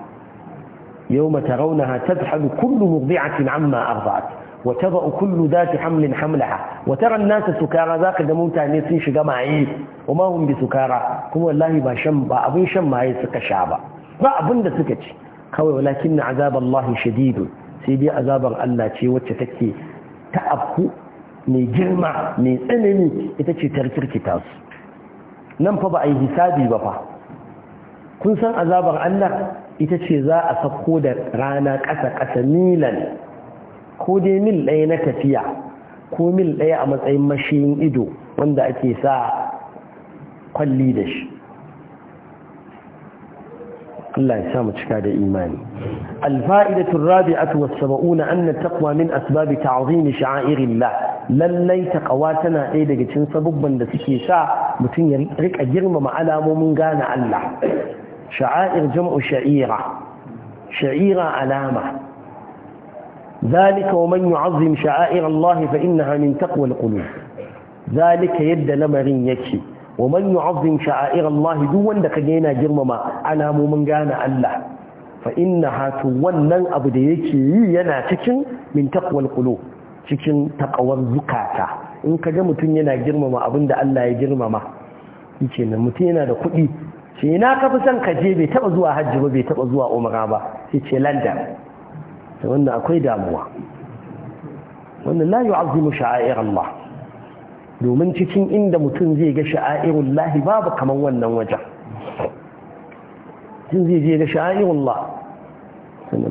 yawma tarawnaha tadhhalu kullu murdi'atin amma arda'at wa tad'u kullu dhati hamlin hamlaha wa tara an-nasa sukara zaka da mutane sun shiga maye kuma hum bi sukara kuma wallahi ba shan ba abin shan maye suka sha ba ba abin da suka ci kawai walakin na azabar lahi shadidu sai dai azabar Allah ce wacce take ta mai girma mai tsanani ita ce tarkirki tasu. nan fa ba a yi hisabi ba fa kun san azabar Allah ita ce za a sako da rana ƙasa-ƙasa milan ko dai mil ɗaya na tafiya ko mil ɗaya a matsayin mashiyin ido wanda ake sa kwalli da shi Allah ya sa mu cika da imani alfa'idatu rabi'atu was-sab'una anna taqwa min asbab ta'zim sha'airillah lallai taqwa tana ɗaya daga cikin sabubban da suke sa mutum ya rika girmama alamomin gane Allah sha'air jam'u sha'ira sha'ira alama ذلك ومن يعظم fa الله فإنها من تقوى القلوب ذلك yadda lamarin yake. wa man yu'azzim sha'air Allah duk wanda kage yana girmama alamomin gane Allah fa innaha to wannan abu da yake yi yana cikin min taqwal qulub cikin takawar zukata in kaje mutum yana girmama abinda Allah ya girmama yace nan mutun yana da kuɗi sai ina ka fi san kaje bai taba zuwa hajji ba bai taba zuwa umara ba sai ce london to wannan akwai damuwa wannan la yu'azzimu sha'air Allah domin cikin inda mutum zai ga sha'airun lahi babu kamar wannan wajen mutum zai zai ga sha'airun la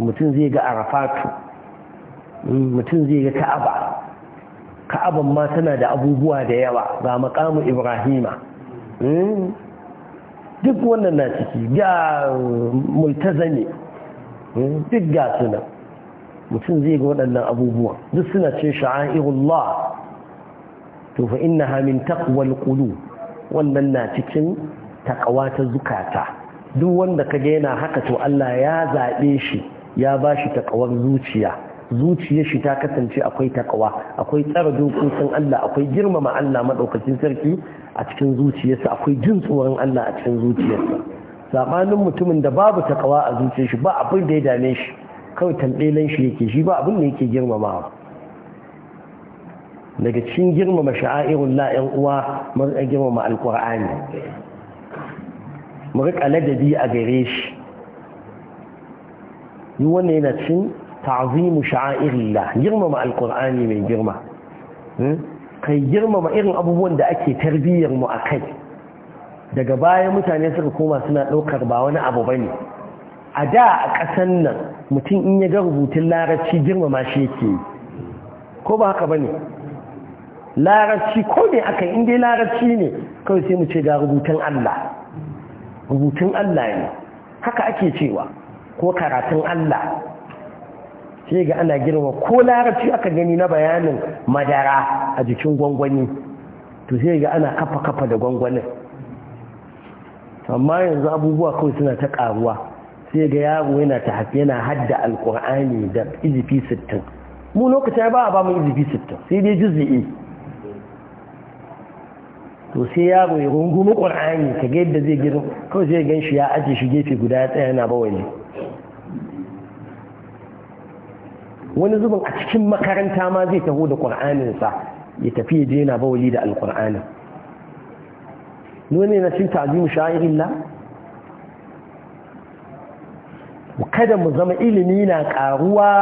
mutum zai ga arafatu mm, mutum zai ga ka'aba ka'aban ma tana da abubuwa da yawa ga makamu ibrahima mm. duk wannan na ciki ga ne mm, duk ga suna mutum zai ga waɗannan abubuwa duk suna cin sha'airun la to fa innaha min taqwal qulub wannan na cikin takawa ta zukata duk wanda ka ga yana haka to Allah ya zabe shi ya bashi takawar zuciya zuciyar shi ta kasance akwai takawa akwai tsara dokokin Allah akwai girmama Allah madaukakin sarki a cikin zuciyarsa akwai jin tsoron Allah a cikin zuciyarsa sabanin mutumin da babu takawa a zuciyar shi ba abin da ya dame shi kawai tambelen shi yake shi ba abin da yake girmamawa daga cikin girmama sha'airun la'yan uwa mun girmama alkur'ani mu riƙa ladabi a gare shi yi wannan yana cin ta'azimu la girmama alkur'ani mai girma hmm? kai girmama irin abubuwan da ake tarbiyyar mu a kai daga baya mutane suka koma suna ɗaukar ba wani abu ba ne a da a ƙasan nan mutum in ya ga rubutun larabci girmama shi yake ko ba haka ba larabci ko ne aka in dai larabci ne kawai sai mu ce ga rubutun Allah rubutun Allah ne haka ake cewa ko karatun Allah sai ga ana girma ko larabci aka gani na bayanin madara a jikin gwangwani to sai ga ana kafa kafa da gwangwanin amma yanzu abubuwa kawai suna ta karuwa sai ga yaro yana ta hafi yana hadda alkur'ani da izifi sittin mu lokacin ba a ba mu izifi sittin sai dai juzi'i to sai yaro ya rungumi ƙur'ani ka ga yadda zai girin kawai zai gan shi ya aje shi gefe guda ya tsaya yana bawai ne wani zubin a cikin makaranta ma zai taho da ƙur'aninsa ya tafi ya je yana bawali da alƙur'anin nuna na cin ta'azimu sha'irin illa? kada mu zama ilimi na ƙaruwa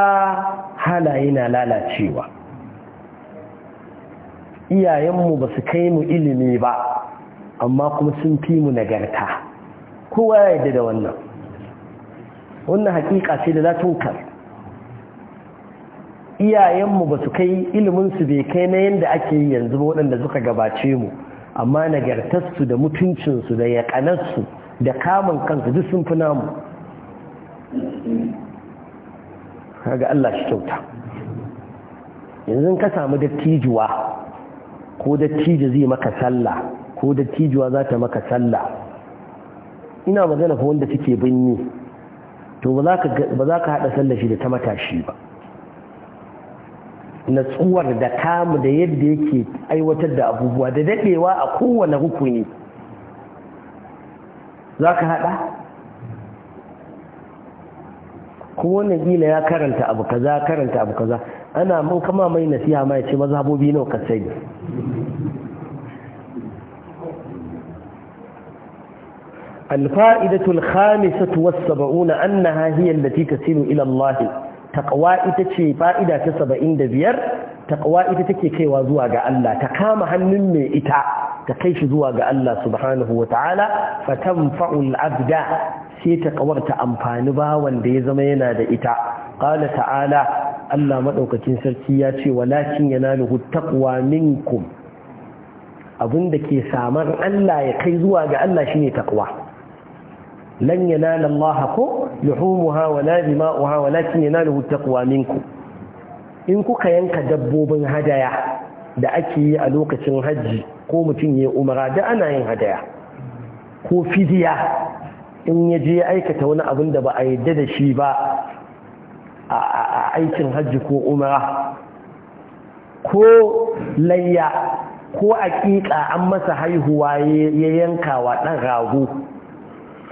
halaye na lalacewa iyayenmu ba su kai mu ilimi ba amma kuma sun fi mu nagarta kowa ya yarda da wannan wannan hakika ce da za ta iyayenmu ba su kai iliminsu bai kai na yadda ake yi yanzu ba waɗanda suka gabace mu amma nagartarsu da mutuncinsu da yaƙanarsu da kamun kansu duk sun fi namu kaga Allah shi kyauta yanzu ka samu dattijuwa ko dattijo zai maka sallah ko dattijuwa za ta maka sallah ina magana fa wanda suke binni to ba za ka haɗa sallah shi da ta matashi ba natsuwar da kamu da yadda yake aiwatar da abubuwa da daɗewa a kowane hukuni za ka haɗa kowane gina ya karanta abu kaza karanta abu kaza Ana min kama mai nasiha mace maza bobi nawa ka sayi. Al-fa'idatu lqa'imu na saka wasu saba'u na annahahiya na latifatu sinu illallah ita ce fa'ida ta saba'in da biyar taƙawa ita take kaiwa zuwa ga Allah ta kama hannun mai ita ta kai shi zuwa ga Allah subhanahu wa ta'ala fatan fa'ul abida sai taƙawarta amfani ba wanda ya zama yana da ita lakal ta'ala. Allah maɗaukacin sarki ya ce walakin yanaluhu taqwa minkum da ke samar Allah ya kai zuwa ga Allah shine taqwa lan yanala Allah ko luhumuha wala dima'uha walakin yanaluhu taqwa minkum in kuka yanka dabbobin hadaya da ake yi a lokacin hajji ko mutum ya umara da ana yin hadaya ko fidiya in ya je aikata wani abin da ba a yadda da shi ba a aikin hajji ko umara ko layya ko aƙiƙa an masa haihuwa ya yanka wa ɗan rago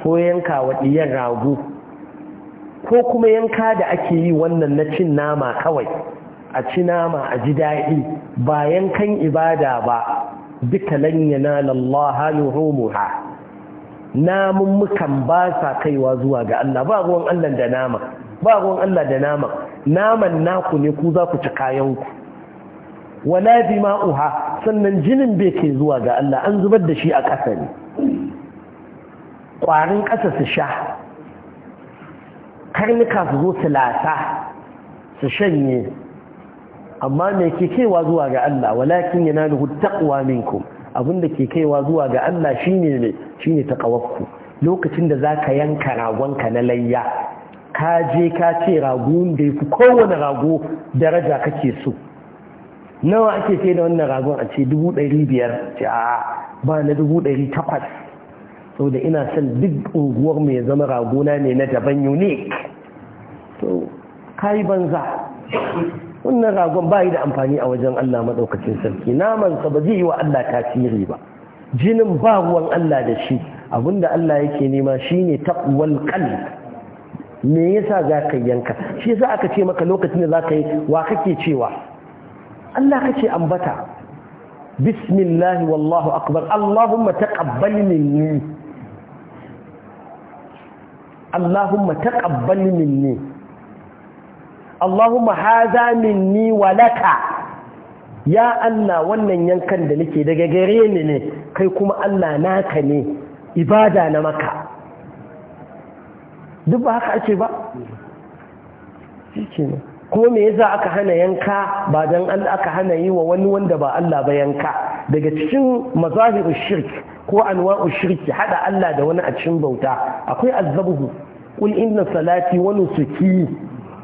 ko yanka wa ɗiyar rago ko kuma yanka da ake yi wannan na cin nama kawai a ci nama a ji daɗi ba yankan ibada ba duka lanyana lallaha namun mukan ba sa kaiwa zuwa ga Allah ba ruwan Allah da nama ba ruwan Allah da nama naman naku ne ku za ku ci kayanku wala dima'uha sannan jinin bai ke zuwa ga Allah an zubar da shi a ƙasa ne ƙwarin ƙasa su sha karnuka su zo su lasa su shanye amma mai ke kaiwa zuwa ga Allah walakin yana da taqwa minku abinda ke kaiwa zuwa ga Allah shi ne ta lokacin da za ka yanka ragonka na layya ka je ka ce rago da ya fi kowane rago daraja kake so nawa ake sai da wannan ragon a ce dubu ce a ba na dubu sau da ina son duk unguwar mai zama ragona ne na daban unique to banza wannan ragon ba yi da amfani a wajen Allah maɗaukacin sarki namansa ba zai yi wa Allah tasiri ba jinin ba ruwan Allah da shi abinda Allah yake nema shine taqwal kalli me yasa za ka yanka shi yasa aka ce maka lokacin da za ka yi wa kake cewa Allah kake ambata bismillah wallahu akbar allahumma taqabbal minni allahumma taqabbal minni allahumma hadha minni wa laka ya Allah wannan yankan da nake daga gare ni ne kai kuma Allah naka ne ibada na maka duk ba haka ake ba kuma me yasa aka hana yanka ba dan Allah aka hana yi wa wani wanda ba Allah ba yanka daga cikin mazahiru shirk ko anwa'u shirki hada Allah da wani a cikin bauta akwai azzabuhu kul inna salati wa nusuki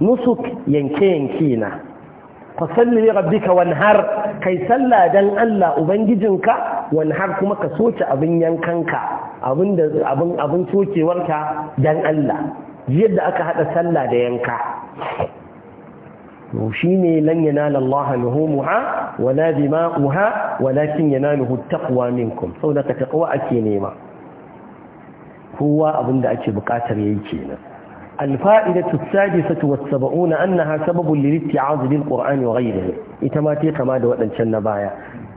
nusuk yanke yanke na fasalli ka rabbika wanhar kai sallah dan Allah ubangijinka wani har kuma ka soke abin yankanka abin sokewarka dan Allah da aka haɗa sallah da yanka shi ne lan yana lallaha luhumuha wala dima'uha wala kin yana luhuttakuwa minkum sau da ka taƙawa ake nema kowa abin da ake buƙatar ya yi ke nan alfa'ida ta sage sata wata saba'una an na ha sababin liriti a azubin ƙor'ani ita ma te kama da waɗancan na baya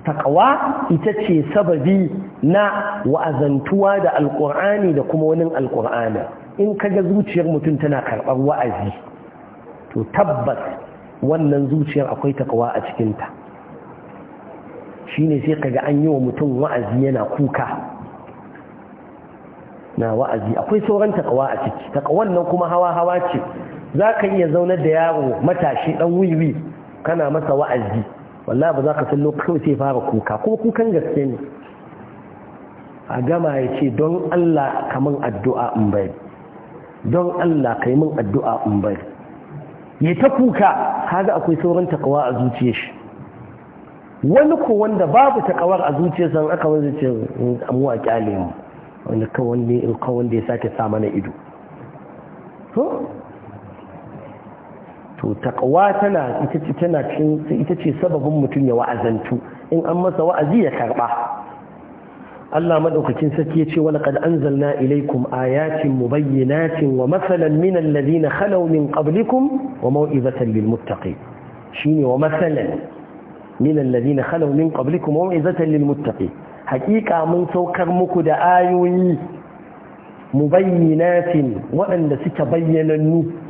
taqwa ita ce sababi na wa'azantuwa da alqur'ani da kuma wani alqur'ana in kaga zuciyar mutum tana karɓar wa'azi to tabbas wannan zuciyar akwai taqwa a cikinta shine sai kaga an yi wa mutum wa'azi yana kuka na wa'azi akwai sauran taqwa a ciki taqwan nan kuma hawa hawa ce ka iya zaunar da yaro matashi dan wiwi kana masa wa'azi wallahi ba za ka san lokacin sai fara kuka ko kukan gaske ne a gama ya ce don Allah ka min addu'a in bai don Allah ka yi min addu'a in bai ya ta kuka kaga akwai sauran takawa a zuciyar shi wani ko wanda babu takawar a zuciyar san aka wanda ce mu a kyale mu wanda ne in kawai da ya sake sa mana ido to taqwa tana ita ce tana cikin ita ce sababin mutum ya wa'azantu in an masa wa'azi ya karba Allah madaukakin sarki yace wa laqad anzalna ilaykum ayatin mubayyinatin wa masalan min alladhina khalaw min qablikum wa maw'izatan lil muttaqin shine wa masalan min alladhina khalaw min qablikum wa maw'izatan lil muttaqin haqiqa mun saukar muku da ayoyi mubayyinatin waɗanda suka bayyana bayyanannu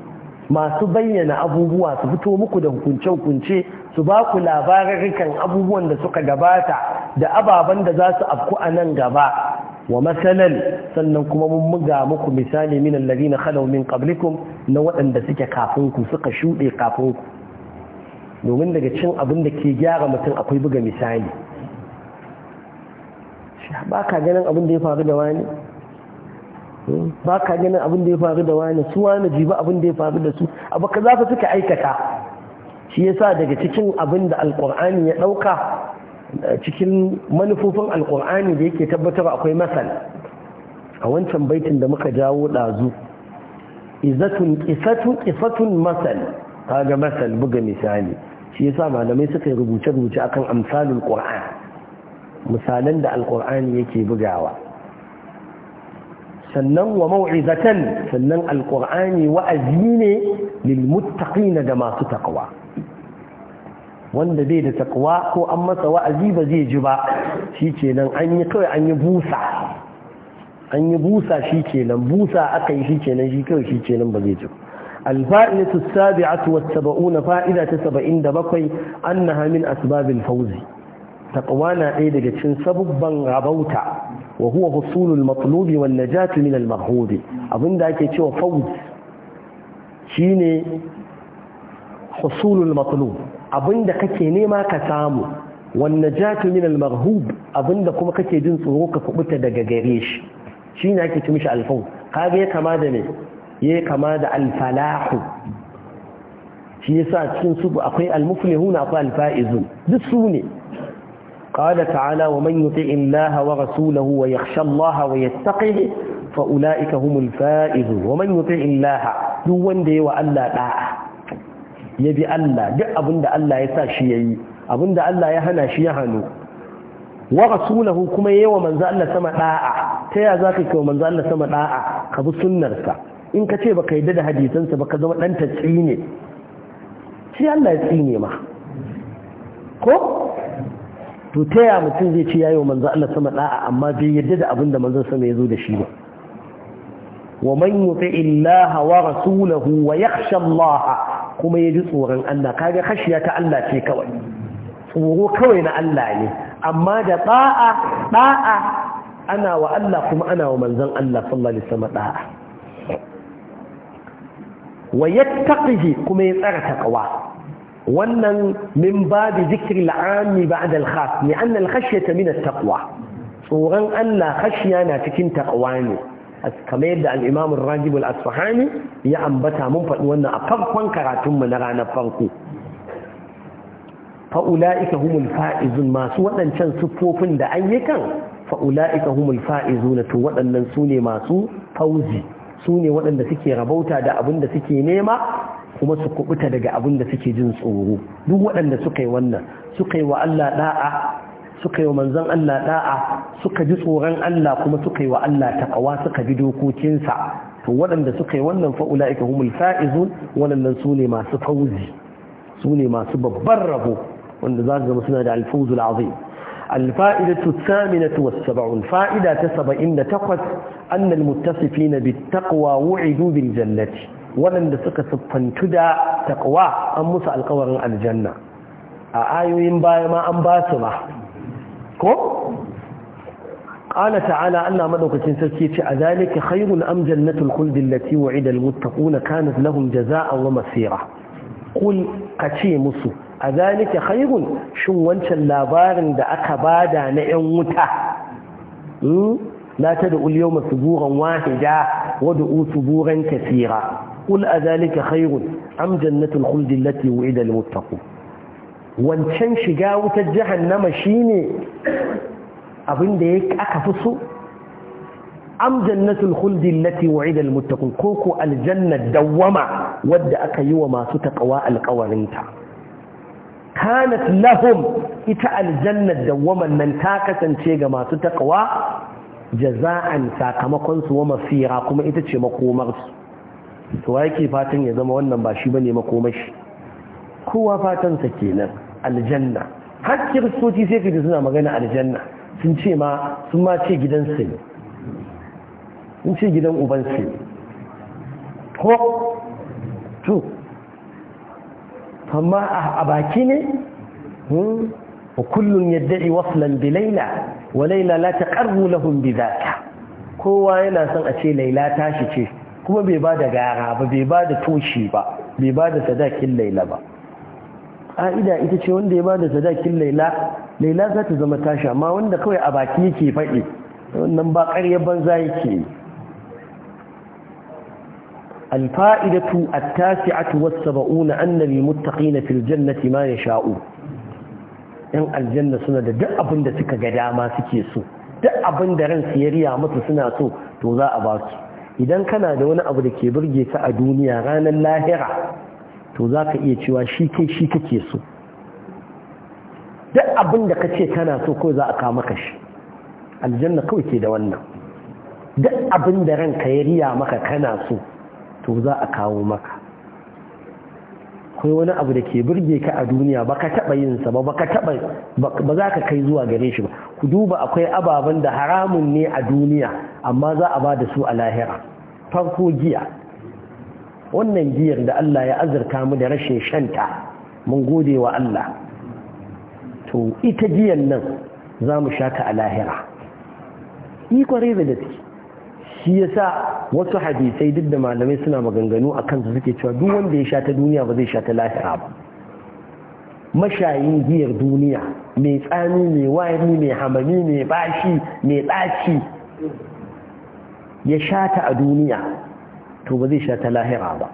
masu bayyana abubuwa su fito muku da hukunce-hukunce su ba ku labararrikan abubuwan da suka gabata da ababen da za su afku a nan gaba wa matsalar sannan kuma mun muga muku misali min na khalaw min na waɗanda suke kafin ku suka shuɗe kafin ku domin daga cin abin da ke gyara mutum akwai buga misali ba ka ganin abin da ya faru da wani ba ka ganin abin da ya faru da wani su wani ba abin da ya faru da su abu ka za suka aikata shi yasa daga cikin abin da alkur'ani ya ɗauka cikin manufofin alkur'ani da yake tabbatar akwai masal a wancan baitin da muka jawo ɗazu izatun kisatun masal kaga masal buga misali shi yasa malamai suka rubuce-rubuce akan amsalul qur'an misalan da alkur'ani yake bugawa sannan wa mau'izatan sannan alqur'ani wa'azi ne lil muttaqina da masu taqwa wanda bai da taqwa ko an masa wa'azi ba zai ji ba shikenan an yi kawai an yi busa an yi busa shikenan busa aka yi shikenan shi kawai shikenan ba zai ji الفائدة السابعة والسبعون فائدة سبعين دبقي أنها من أسباب الفوز taqwa na ɗaya daga cikin sabubban rabauta wa huwa husulul matlubi wan najatu min al Abin da ake cewa fawz shine husulul matlub abinda kake nema ka samu wan najatu min al maghub abinda kuma kake jin tsoro ka kubuta daga gare shi shine ake ce mishi al fawz kage ya kama da ne ya kama da al falahu shi yasa cikin su akwai al muflihun akwai al faizun duk su ne قال تعالى ومن يطع الله ورسوله ويخشى الله ويتقه فأولئك هم الفائزون ومن يطع الله duk wanda yi wa Allah da'a ya bi Allah duk abinda Allah ya sa shi yayi abinda Allah ya hana shi ya hannu wa rasulahu kuma yayi wa manzo Allah sama da'a ta ya zaka kai manzo Allah sama da'a ka bi sunnarsa in ka ce baka yadda da hadisansa ka zama dan tatsine shi Allah ya tsine ma ko to ta yaya mutum zai ce yayo manzo Allah sama da'a amma bai yadda da abin da manzo sama ya zo da shi ba wa man yuti illaha wa rasulahu wa yakhsha Allah kuma ya ji tsoron Allah kaga khashiya ta Allah ce kawai tsoro kawai na Allah ne amma da da'a da'a ana wa Allah kuma ana wa manzon Allah sallallahu alaihi wasallam da'a wa yattaqi kuma ya tsara takwa wannan min babu zikirin al'ami ba'da al-khas ne anna al-khashyata min at tsoron Allah khashiya na cikin taqwa ne kamar yadda al rajibul asfahani ya ambata mun faɗi wannan a farkon karatun mu na ranar farko fa ulaika humul faizun masu waɗancan siffofin da ayyukan fa ulaika humul faizun to waɗannan sune masu fauzi su ne waɗanda suke rabauta da abin da suke nema kuma su kubuta daga abin da suke jin tsoro duk waɗanda suka yi wannan suka yi wa Allah da'a suka yi wa manzan Allah da'a suka ji tsoron Allah kuma suka yi wa Allah taqwa suka bi dokokinsa to waɗanda suka yi wannan fa ulaika humul faizun waɗannan su ne masu fauzi su ne masu babbar rabo wanda za su zama suna da alfawzul azim الفائدة الثامنة والسبعون فائدة سبعين تقص أن المتصفين بالتقوى وعدوا بالجنة waɗanda suka siffantu da taƙwa an musu alkawarin aljanna a ayoyin baya ma an basu su ko? ƙana ta'ala ana maɗaukacin sarki ce a zalika khairun am jannatul kuldin lati wa idal muttaquna kanat lahum jaza'an wa masira kul ka ce musu a zalika khairun shin wancan labarin da aka bada na yan wuta hmm? la ta da ulyawma suburan wahida wa da'u suburan kasira قل أذلك خير أم جنة الخلد التي وعد المتقون وان كان شجاو تجهنم شيني أبن ديك أكفسو أم جنة الخلد التي وعد المتقون كوكو الجنة دوما ود أكي وما ستقوى القوارنتا كانت لهم إتا الجنة دوما من تاكا تنشيغ ما ستقوى جزاء ساكمكن سوما فيرا كما إتا شمكو مغسو to wa yake fatan ya zama wannan ba shi ba ne makomashi kowa fatan sa kenan aljanna har kiristoci sai da suna magana aljanna sun ce ma sun ma ce gidan su ne sun ce gidan uban su ne ko to amma a baki ne وكل hmm? wa وصلا بليلى وليلى لا تقر bi بذاك kowa yana son a ce laila tashi ce kuma bai ba da gara ba bai ba da toshi ba bai ba da sadakin laila ba ƙa'ida ita ce wanda ya ba da sadakin laila laila za ta zama tashi amma wanda kawai a baki yake faɗi wannan ba ƙarya banza yake alfa'idatu at-tasi'atu was-sab'una anna lil-muttaqina fil jannati ma yasha'u yan aljanna suna da duk abin da suka ga dama suke so duk abin da ransu ya riya musu suna so to za a ba su idan kana da wani abu da ke burge ka a duniya ranar lahira to za ka iya cewa shi kai shi kake so duk abin da ka ce kana so kawai za a kama ka shi aljanna kawai ke da wannan duk abin da ranka ya riya maka kana so to za a kawo maka akwai wani abu da ke burge ka a duniya ba ka taɓa yin sa ba ba za ka kai zuwa gare shi ba ku duba akwai ababen da haramun ne a duniya amma za a ba da su a lahira farko giya wannan giyar da Allah ya azurta mu da rashin shanta mun gode wa Allah to ita giyan nan za mu sha ta a lahira ikon da take shi yasa wasu hadisai duk da malamai suna maganganu a kansu suke cewa duk wanda ya sha ta duniya ba zai sha ta lahira ba mashayin giyar duniya mai tsani mai wani mai hamami mai bashi mai ɗaci ya sha ta a duniya to ba zai sha ta lahira ba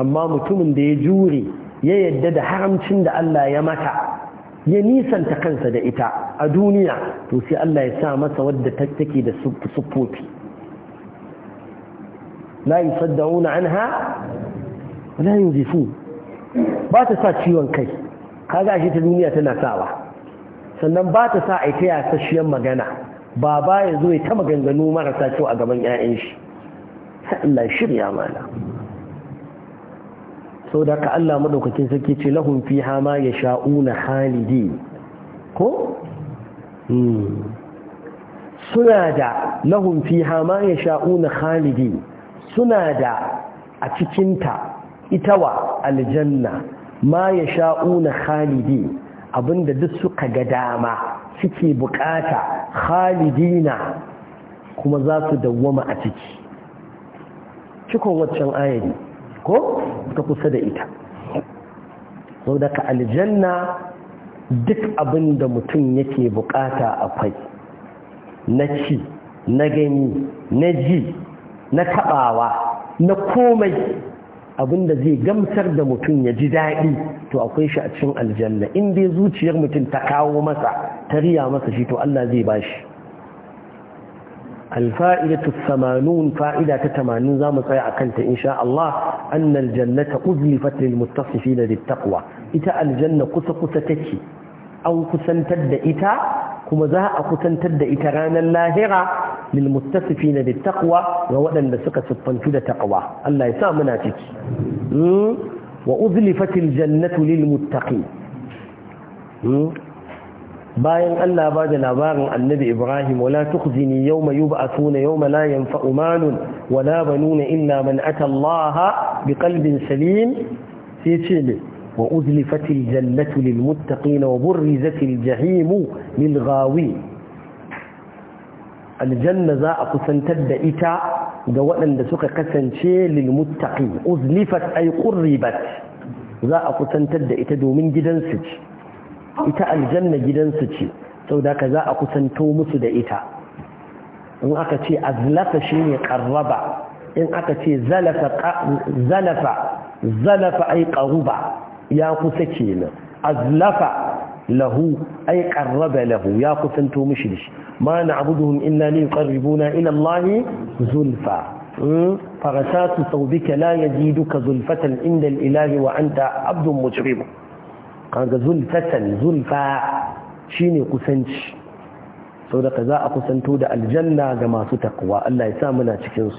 amma mutumin da ya jure ya yadda da haramcin da Allah ya mata ya nisanta kansa da ita a duniya to sai Allah ya sa masa wadda take da siffofi la yusaddauna anha la yunzifu ba ta sa ciwon kai kaga shi ta duniya tana sawa sannan ba ta sa a ta shiyan magana baba ya zo ya ta maganganu marasa kyau a gaban 'ya'yan shi Sai Allah ya shirya mana sau da ka Allah maɗaukakin sarki ce lahum fi hama ya una halidi ko suna da lahun fi ma ya sha'una khalidi suna da a cikinta ita wa aljanna ma ya sha'una khalidi abinda duk suka ga dama suke bukata khalidina kuma za su dawwama a ciki cikin waccan ayari ko ta kusa da ita sau daga aljanna duk abin da mutum yake bukata akwai na ci na gani na ji na tabawa na komai abin da zai gamsar da mutum ya ji daɗi to akwai shi a cikin aljanna in dai zuciyar mutum ta kawo masa ta riya masa shi to Allah zai bashi alfa'idatu samanun fa'ida ta tamanin za mu tsaya a kanta insha Allah annal jannata uzlifat lil ita aljanna kusa kusa take an kusantar da ita kuma za a kusantar da ita ranar lahira lil muttasifina bit taqwa ga waɗanda suka siffantu da taqwa Allah ya sa muna ciki hmm? wa uzlifatil jannatu lil muttaqin hmm? bayan Allah ba da labarin annabi Ibrahim wala tukhzini yawma yub'athuna yawma la yanfa'u malun wala banuna illa man atallaha bi biqalbin salim sai ce ne وأزلفت الجنة للمتقين وبرزت الجحيم للغاوين الجنة ذا أقسن تبدأ دوانا لسوق قسن شيء للمتقين أزلفت أي قربت ذا أقسن تبدأ دومين جدا سج إتا الجنة جدا سج سو ذاك ذا أقسن تومس دا إتا إن أكتي أزلف شيء قربا إن أكتي زلف ق... زلف زلف أي قربا ya kusa kenan azlafa lahu ay qarraba lahu ya kusanto mishi dashi ma na'buduhum illa li ila Allah zulfa hmm? farasatu thawbika la yajiduka zulfatan inda al wa anta abdun mujrim kaga zulfatan zulfa shine kusanci sau za a kusanto da aljanna ga masu takwa Allah ya sa muna cikin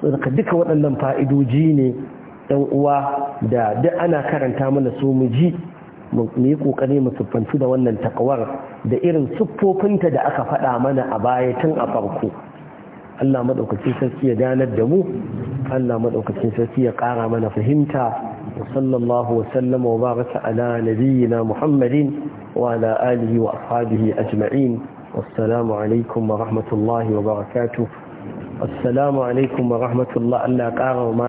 sau da ka duka waɗannan fa'idoji ne yan uwa da duk ana karanta mana su mu ji mu yi ƙoƙari mu siffantu da wannan takawar da irin siffofinta da aka faɗa mana a baya tun a farko Allah madaukakin sarki ya danar da mu Allah maɗaukacin sarki ya ƙara mana fahimta وصلى الله Muhammadin wa على نبينا محمد وعلى آله وأصحابه أجمعين والسلام عليكم ورحمة الله وبركاته السلام عليكم ورحمة الله ألا قاروا